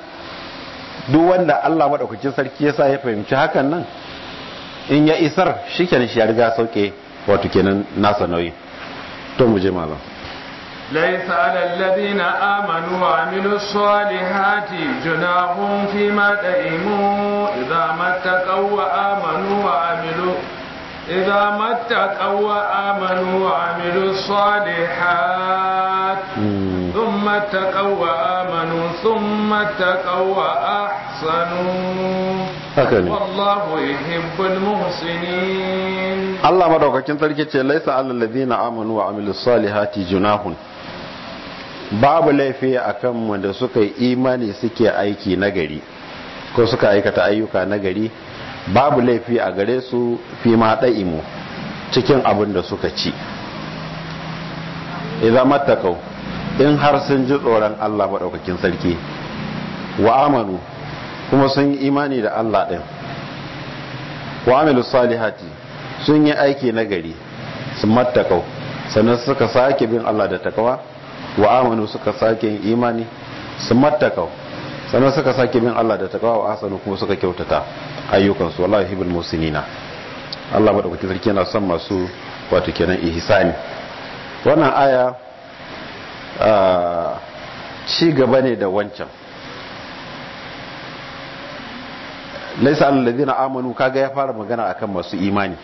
duk wanda Allah madaukakin sarki yasa ya fahimci hakan nan in ya isar shikenan shi ya riga sauke wato kenan nasa nauyi to mu je malam ليس على الذين آمنوا وعملوا الصالحات جناح فيما دئموا إذا ما اتقوا وآمنوا وعملوا إذا ما اتقوا وآمنوا وعملوا الصالحات ثم اتقوا وآمنوا ثم اتقوا وأحسنوا haka muhsinin. Allah madaukakin sarki ce laisa alal ladina amanu wa amilu salihati junahun babu laifi akan wanda suka yi imani suke aiki nagari ko suka aikata ayyuka nagari babu laifi a gare su fi ma ɗa'imu cikin abin da suka ci idan matakau in har sun ji tsoron Allah maɗaukakin sarki wa amanu kuma sun yi imani da Allah ɗin wa amilu salihati sun yi aiki na gari sun matakau sannan suka sake bin Allah da takawa wa amanu suka sake yin imani su matakau sannan suka sake bin Allah da taqwa wa ahsanu kuma suka kyautata ayyukansu wallahi hibul musinina Allah madaukakin sarki yana son masu wato kenan ihsani wannan aya ci gaba ne da wancan laisa alladhina amanu kaga ya fara magana akan masu imani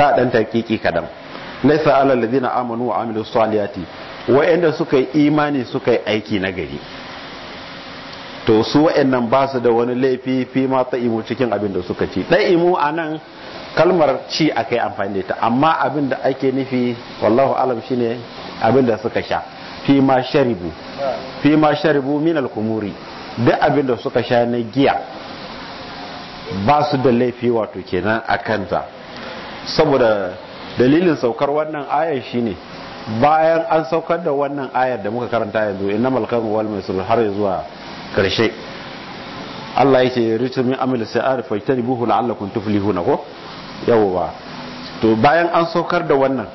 ta dan takiki kadan laisa alladhina amanu wa amilu salihati wa'anda suka yi imani suka yi aiki nagari to su wa'annan ba su da wani laifi fi ma ta imu cikin abin da suka ci ɗan imu a nan kalmar ci aka yi amfani da ita amma abin da ake nufi wallahu alam shine abin da suka sha fi ma sharibu fi ma sharibu min alkumuri duk abin da suka sha na giya ba su da laifi wato kenan a kanta saboda dalilin saukar wannan ayar shine bayan an saukar da wannan ayar da muka karanta yanzu innamal khamru wal maisir har zuwa karshe Allah ya ce ritu min amil sa'ar fajtanibuhu la'allakum tuflihuna ko yawwa to bayan an saukar da wannan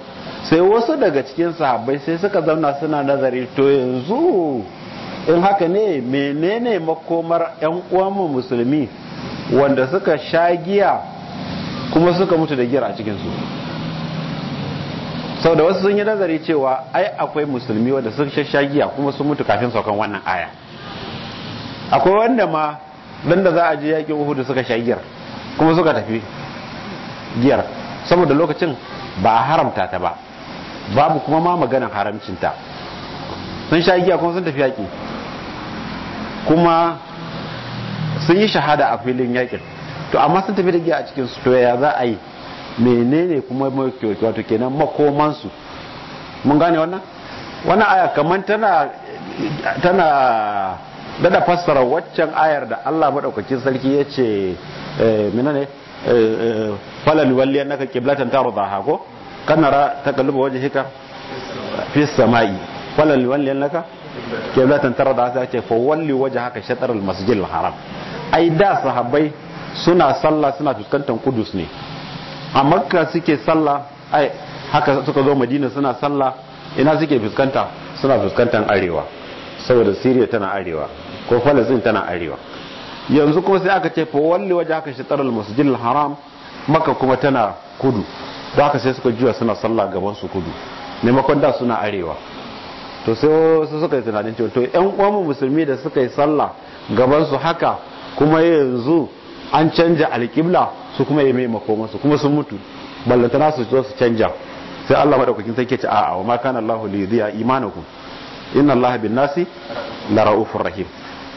sai wasu daga cikin sahabbai sai suka zauna suna nazari to yanzu in haka ne menene makomar yan uwanmu musulmi wanda suka sha giya kuma suka mutu da giyar a cikinsu sau da wasu sun yi nazari cewa ai akwai musulmi wanda suka sha giya kuma sun mutu kafin saukan wannan aya akwai wanda ma dan da za a je yakin Uhud suka sha giyar kuma suka tafi giyar saboda lokacin ba a haramta ta ba babu kuma ma maganar haramcinta sun sha giya kuma sun tafi yaƙi kuma sun yi shahada a filin yaƙin to amma sun tafi da giya a cikin su to ya za a yi menene kuma wato kenan makomansu mun gane wannan wannan aya kamar tana da fassara waccan ayar da Allah madaukakin sarki ya ce eh, mina ne eh, eh, falan walli annaka qiblatan tardaha ko kanara taqallubu wajhika fi samai falan walli annaka qiblatan tardaha sai ce fa walli wajhaka shatr al masjid al haram ai da sahabbai suna sallah suna fuskantar kudus ne a makka suke sallah ai haka suka zo madina suna sallah ina suke fuskanta suna fuskantar arewa saboda siriya tana arewa ko falastin tana arewa yanzu kuma sai aka ce fa walli waje aka shi tsarar masjidil haram maka kuma tana kudu da aka sai suka juya suna sallah gaban su kudu makon da suna arewa to sai su suka yi tunanin cewa to yan uwan musulmi da suka yi sallah gaban su haka kuma yanzu an canja alƙibla su kuma ya mai makomansu kuma sun mutu ballantana su zo su canja sai Allah madaukakin sai ke ci a'a wa ma kana Allahu li imanakum inna Allah bin nasi la ra'ufur rahim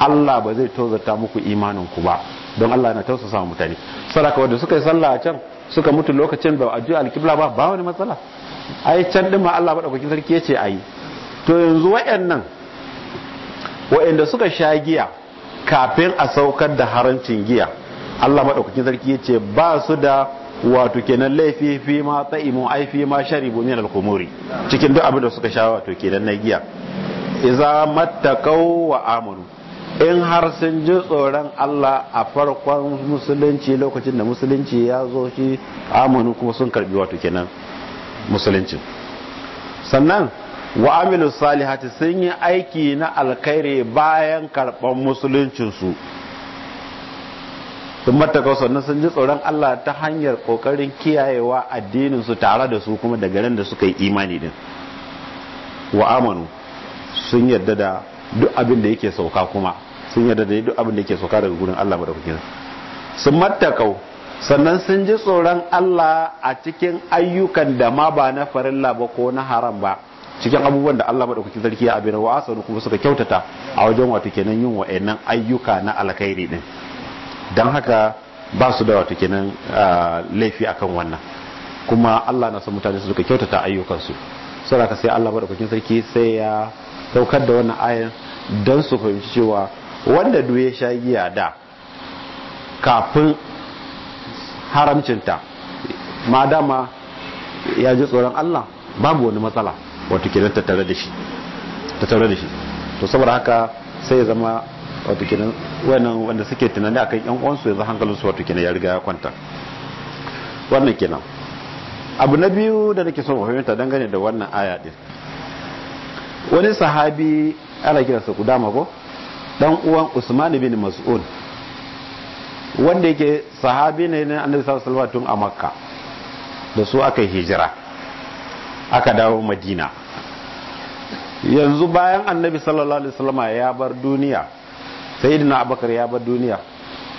Allah ba zai tozarta muku imanin ku ba don Allah na tausasa wa mutane sadaka wanda suka yi sallah a can suka mutu lokacin ba a juya alkibla ba ba wani matsala ai can din ma Allah madaukakin sarki yace ayi to yanzu wayannan wayanda suka sha giya kafin a saukar da harancin giya Allah madaukakin sarki yace ba su da wato kenan laifi fi ma ta'imu ai fi ma sharibu min al-khumuri cikin duk abin da suka sha wato kenan na giya iza mattaqaw wa amanu in har sun ji tsoron Allah a farkon musulunci lokacin da musulunci ya zo shi amanu kuma sun karbi wato kenan musulunci sannan wa amilu salihati sun yi aiki na alkhairi bayan karban musuluncinsu sun mataka sannan sun ji tsoron Allah ta hanyar kokarin kiyayewa addininsu tare da su kuma da garin da suka yi imani din wa amanu sun yarda da duk abin da yake sauka kuma sun yarda da duk abin da yake sauka daga gurin Allah madaukakin sun mattakau sannan sun ji tsoron Allah a cikin ayyukan da ma ba na farin laba ko na haram ba cikin abubuwan da Allah madaukakin sarki ya abin wa asanu kuma suka kyautata a wajen wato kenan yin wa'annan ayyuka na alkhairi din dan haka ba su da wato kenan laifi akan wannan kuma Allah na san mutane su suka kyautata ayyukansu saboda sai Allah madaukakin sarki sai ya saukar da wannan ayan dan su fahimci cewa wanda duk ya sha giya da kafin haramcinta ma dama ya ji tsoron Allah babu wani matsala wata kenan tattare da shi tattare to saboda haka sai zama wata kenan wani wanda suke tunani akan yan uwansu yanzu hankalin su wata kenan ya riga ya kwanta wannan kenan abu na biyu da nake son mu dangane da wannan aya din wani sahabi ana kiransa kudama ko dan uwan usman bin mas'ud wanda yake sahabi ne na annabi sallallahu alaihi tun a makka da su aka hijira aka dawo madina yanzu bayan annabi sallallahu alaihi wasallam ya bar duniya sayyidina abakar ya bar duniya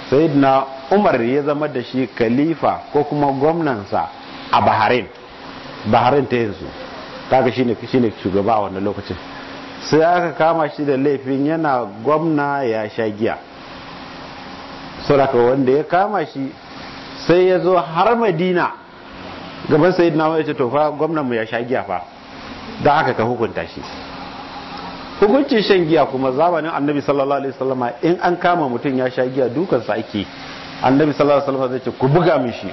sayyidina umar ya zama da shi khalifa ko kuma gwamnansa a bahrain bahrain ta yanzu kaga shine shine shugaba a wannan lokacin sai aka kama shi da laifin yana gwamna ya sha giya sauraka wanda ya kama shi sai ya zo har madina gaban sayid na wani tofa gwamnanmu ya sha giya fa da aka ka hukunta shi hukuncin shan giya kuma zamanin annabi sallallahu alaihi wasallama in an kama mutum ya sha giya dukansa ake annabi sallallahu alaihi wasallama zai ce ku buga mishi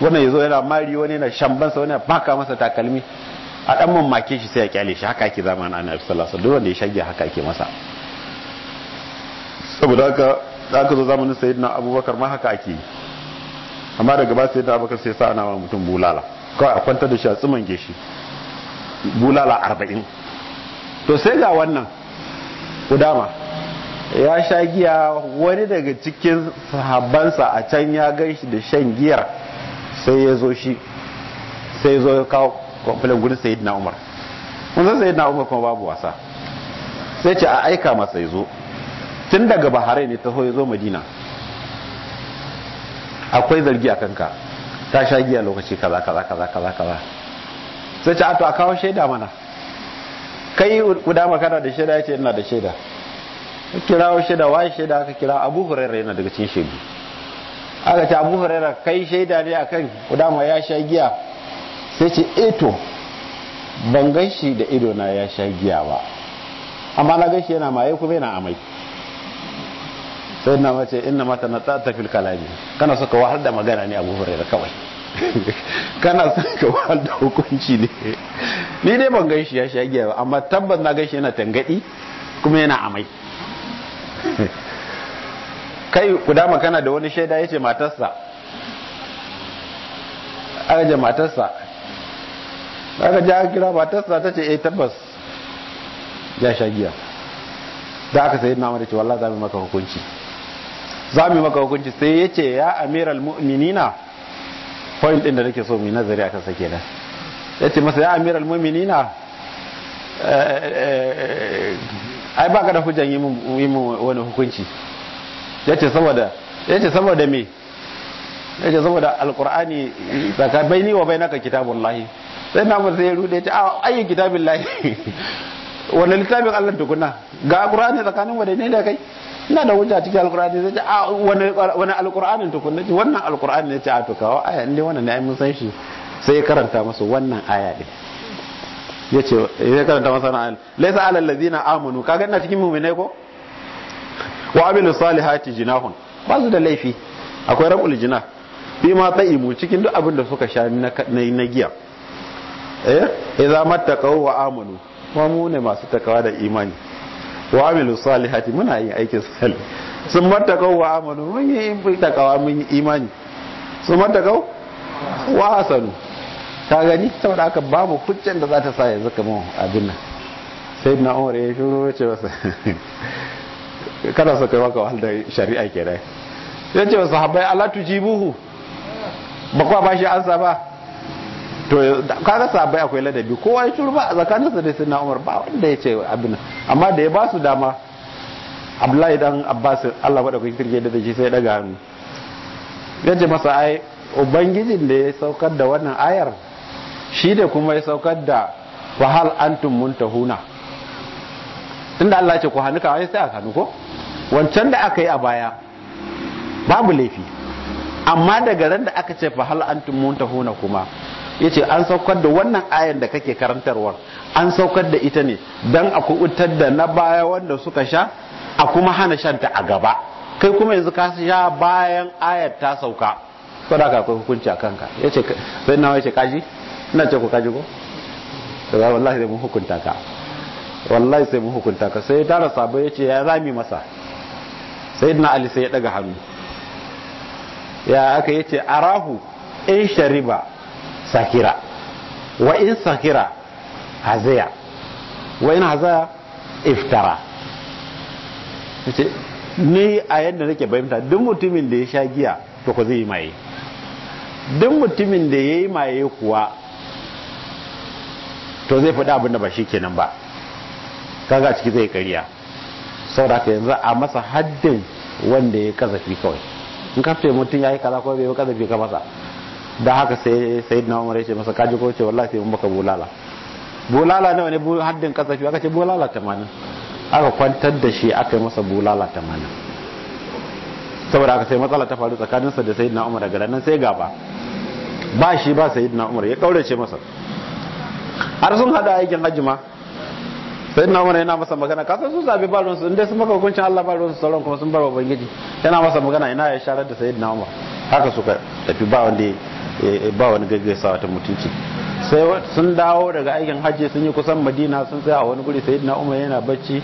wannan yazo yana mari wani yana shambansa wani baka masa takalmi a dan mamake shi sai ya kyale shi haka ake zamanin annabi sallallahu salasa duk wanda ya shage haka ake masa saboda haka da aka zo zamanin na abubakar ma haka ake amma daga ba sayyidina abubakar sai sa ana ma mutum bulala kawai a kwantar da shi a tsimange geshi bulala arba'in to sai ga wannan kudama ya sha giya wani daga cikin sahabbansa a can ya gan shi da shan giyar sai ya zo shi sai ya zo ya kawo kwamfilin gudun na umar kun san na umar kuma babu wasa sai ce a aika masa ya zo tun daga baharai ne taho ya zo madina akwai zargi a kanka ta sha giya lokaci kaza kaza kaza kaza kaza sai ce a to a kawo shaida mana kai guda makana da shaida ya ce ina da shaida wa shaida waye shaida aka kira abu hurairu yana daga cin shaidu aka ce abu hurairu kai shaida ne akan guda ma ya sha giya sai ce eto eh ban gan shi da ido na ya sha giya ba amma na gan shi yana maye kuma yana amai sai na mace ina mata na ta fil kalami kana so ka wahal da magana ne Abu da kawai [laughs] kana so ka wahal da hukunci ne ni dai ban gan shi ya sha giya ba amma tabbas na gan shi yana tangadi kuma yana amai [laughs] kai kudama kana da wani shaida yace matarsa arje matarsa aka ji aka kira matarsa ta ce eh tabbas ya sha giya da aka sayi na mata ce wallah za mu maka hukunci za mu maka hukunci sai ya ce ya amiral mu'minina point din da nake so mu nazari akan sa kenan ya ce masa ya amiral mu'minina eh, eh, eh, ai ba ka da hujjan yi mu wani hukunci ya ce saboda ya ce saboda me ya ce saboda alkur'ani baini wa bainaka kitabullahi sai na mutu zai rude ta a ayi kitabin layi. [laughs] Wani littafin Allah tukuna ga alkur'ani tsakanin wadai ne da kai ina da hujja cikin alkur'ani zai ce a wani wani tukuna ce wannan alkur'ani ne ce a tukawa kawo aya inda wannan ne mun san shi sai karanta masu wannan aya ya yace ya karanta masa na laysa alal ladina amanu kaga ina cikin mu'mine ko wa amilu salihati jinahun ba su da laifi akwai rabul jinah bi ma ta'imu cikin duk abin da suka sha na giya za eh? idza mattaqaw wa amanu kuma mu ne masu takawa da imani wa amilu salihati muna yin aikin sali sun mattaqaw wa amanu mun yi in takawa mun yi imani sun mattaqaw wa hasanu ka gani saboda ba mu hujjan da za ta sa yanzu kamar abin nan sai na umar ya shuru ya ce masa [laughs] kada su kai maka wahal da shari'a ke ya ce masa habai ala tujibuhu ba kwa ba shi ansa ba to kaga sabai akwai ladabi kowa ya turba a tsakaninsa da sunna umar ba wanda ya ce abin amma da ya ba su dama abdullahi dan abbas allah bada ku kirge da shi sai daga hannu Yaje masa ai ubangijin da ya saukar da wannan ayar shi da kuma ya saukar da wahal antum muntahuna tunda allah ce ku hannu wai sai aka hannu ko wancan da aka yi a baya babu laifi amma daga ran da aka ce hal antum muntahuna kuma ce an saukar da wannan ayan da kake karantarwar an saukar da ita ne dan a kuɓutar da na baya wanda suka sha a kuma hana shanta a gaba kai kuma yanzu ka sha bayan ayar ta sauka saboda ka akwai hukunci a kanka ce sai nawa ce kaji ina ce ku kaji ko to wallahi sai mun hukunta ka wallahi sai mun hukunta ka sai ya tara sabo yace ya zami masa na ali sai ya daga hannu ya aka yace arahu in shariba Sakira, wa in sahira hazaya wa in hazaya iftara ni a yadda nake bayyanta duk mutumin da ya sha giya to ko zai yi maye duk mutumin da ya yi maye kuwa to zai faɗi abin da ba shi kenan ba kaga ciki zai karya saboda ka yanzu a masa haddin wanda ya kazafi kawai in ka mutum ya yi kaza ko bai kazafi ka masa da haka sai sayyidina umar ya ce masa kaji ko ce wallahi sai mun baka bulala bulala nawa ne haddin kasafi aka ce bulala tamanin aka kwantar da shi aka yi masa bulala tamanin saboda aka sai matsala ta faru sa da sayyidina umar daga nan sai gaba ba shi ba sayyidina umar ya ce masa har sun hada aikin hajji ma sayyidina umar yana masa magana kasan sun zabi ba su inda sun maka hukuncin Allah ba su sauran kuma sun bar wa ubangiji yana masa magana ina ya sharar da sayyidina umar haka suka tafi ba wanda Eh, ba wani gaggaisawa ta mutunci sai sun dawo daga aikin hajji sun yi kusan madina sun tsaya a wani guri sai na umar yana bacci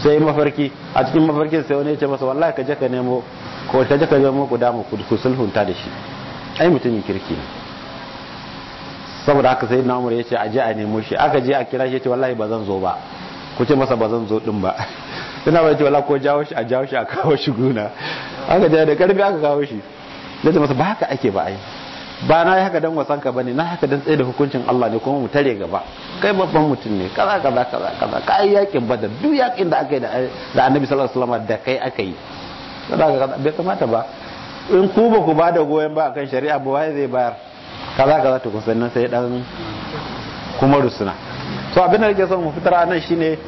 sai yi mafarki a cikin mafarkin sai wani ya ce masa wallahi ka je ka nemo ko ta je ka nemo ku damu ku sulhunta da shi ai mutumin kirki ne saboda haka sai na umar ya ce a je a nemo shi aka je a kira shi ya ce wallahi ba zan zo ba ku ce masa ba zan zo din ba yana [laughs] ba ce wallahi ko jawo shi a jawo shi a kawo shi guna aka je da karfi aka kawo shi ya ce masa ba haka ake ba ai ba na yi haka dan wasan ka bane na haka dan tsaye da hukuncin Allah ne kuma mu tare gaba kai babban mutum ne kaza kaza kaza kaza ka yakin badar duk yakin da aka yi da annabi sallallahu alaihi wasallam da kai aka yi kaza bai kamata ba in ku ba ku bada goyon ba akan shari'a ba wai zai bayar kaza kaza to kusan nan sai dan kuma rusuna to abin da yake son mu fitar anan shine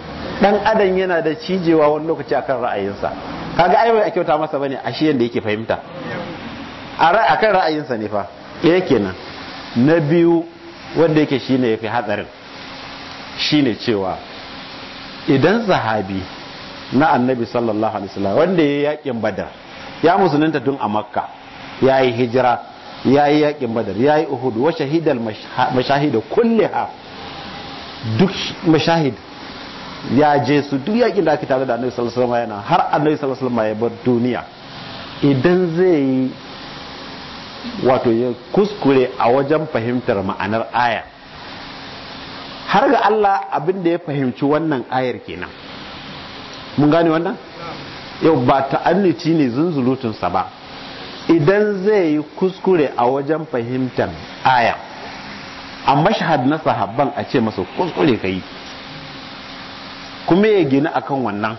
dan adam yana da cijewa wani lokaci akan ra'ayinsa kaga ai bai a kyauta masa bane ashe yanda yake fahimta a kan ra'ayinsa ne fa ɗaya kenan na biyu wanda yake shine ya fi hatsarin shine cewa idan zahabi na annabi sallallahu alaihi wasallam wanda ya yi yakin badar ya musulunta tun a makka ya yi hijira ya yi yakin badar ya yi uhud wa shahidar mashahida kulle a duk mashahid ya je su duk yakin da aka tare da annabi sallallahu alaihi wasallam har annabi sallallahu alaihi wasallam ya bar duniya idan zai yi wato ya kuskure a wajen fahimtar ma'anar aya har ga Allah abin da ya fahimci wannan ayar kenan mun gane wannan yau ba ta'annuci ne zunzulutunsa ba idan zai yi kuskure a wajen fahimtar aya a mashahad na sahabban a ce masa kuskure ka yi kuma ya gina akan wannan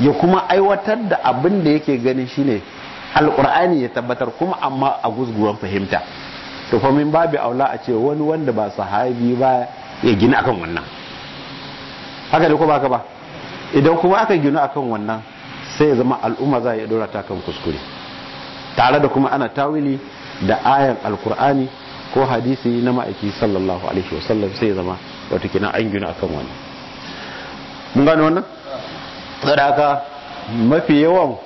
ya kuma aiwatar da abin da yake ganin shine alkur'ani ya tabbatar kuma amma a guzguwan fahimta to fa min babu aula a ce wani wanda ba sahabi ba ya gina akan wannan haka da ko baka ba idan kuma aka gina akan wannan sai ya zama al'umma za ya dora ta kan kuskure tare da kuma ana tawili da ayan alkur'ani ko hadisi na ma'aiki sallallahu alaihi wasallam sai ya zama wata kina an gina akan wannan mun gane wannan sadaka mafi yawan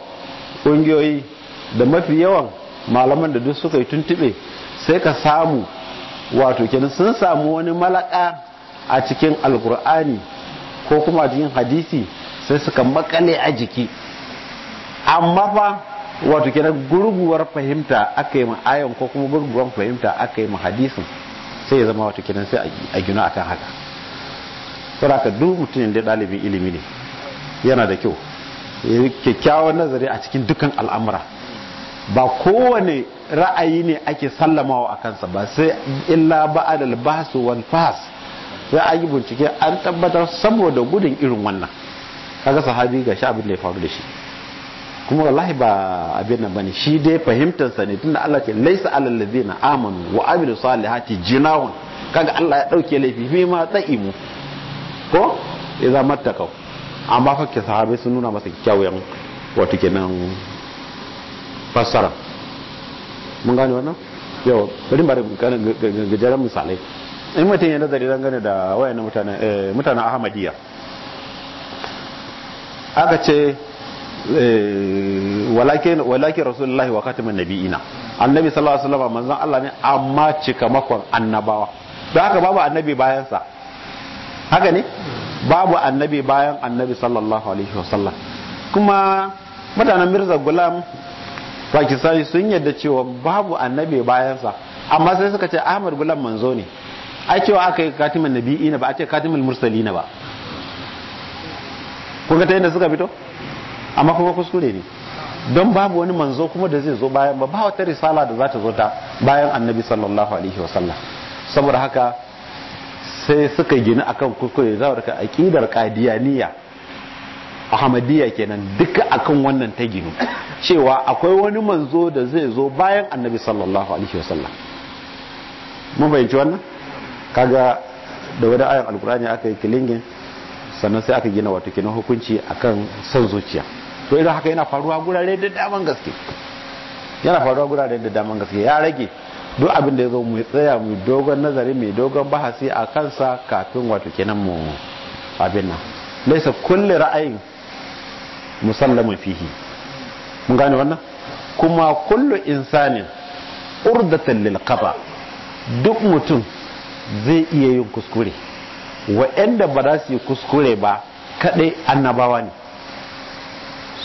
ƙungiyoyi da mafi yawan malaman da duk suka yi tuntube sai ka samu wato kenan sun samu wani malaka a cikin alkur'ani ko kuma cikin hadisi sai suka makale a jiki amma fa wato kenan gurguwar fahimta aka yi ayon ko kuma gurguwar fahimta aka yi hadisin sai ya zama wato kenan sai a gina akan haka saboda duk mutum da dalibin ilimi ne yana da kyau kyakkyawan nazari a cikin dukkan al'amura ba kowane ra'ayi ne ake sallamawa a kansa ba sai illa ba al-bahs wani fas sai an yi bincike an tabbatar saboda gudun irin wannan kaga sahabi ga sha abin da ya faru da shi kuma wallahi ba abin nan bane shi dai fahimtar sa ne tunda Allah ke laisa alal ladina amanu wa amilu salihati jinahun kaga Allah ya dauke laifi fi ma tsaimu ko idza mattaqu amma fa sahabi sun nuna masa kyakkyawan wato kenan fassara mun gane wannan yau bari bari gajeren misalai in mutum ya nazari dangane da wayan mutanen eh, mutanen ahmadiyya aka ce eh, walakin walakin rasulullahi wa khatamin nabi'ina annabi sallallahu alaihi wasallam manzon Allah ne amma cikamakon annabawa don haka babu annabi bayan sa haka ne babu annabi bayan annabi sallallahu alaihi wasallam kuma mutanen mirza gulam pakistani sun yadda cewa babu annabi bayansa amma sai suka ce ahmad gulam manzo ne a cewa aka yi katimin nabi'i na ba a ce katimin mursali na ba kun ta yadda suka fito amma kuma kuskure ne don babu wani manzo kuma da zai zo bayan ba ba wata risala da za ta zo ta bayan annabi sallallahu alaihi wasallam saboda haka sai suka gini akan kuskure za a ka aƙidar qadiyaniya ahmadiyya kenan duka akan wannan ta ginu cewa akwai wani manzo da zai zo bayan annabi sallallahu alaihi wasallam mun bayyanci wannan kaga da wani ayar alkurani aka yi kilingin sannan sai aka gina wato kinan hukunci akan son zuciya to idan haka yana faruwa gurare da daman gaske yana faruwa gurare da daman gaske ya rage duk abin da ya zo mu tsaya mu dogon nazari mai dogon bahasi a kansa kafin wato kenan mu abin nan laisa kulle ra'ayin musallamun fihi mun gane wannan kuma kullu insanin urdatan lil qaba duk mutum zai iya yin kuskure wa'anda ba za su yi kuskure ba kadai annabawa ne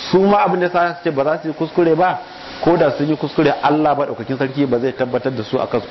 su ma abin da sa ce ba za su yi kuskure ba ko da sun yi kuskure Allah ba daukakin sarki ba zai tabbatar da su akan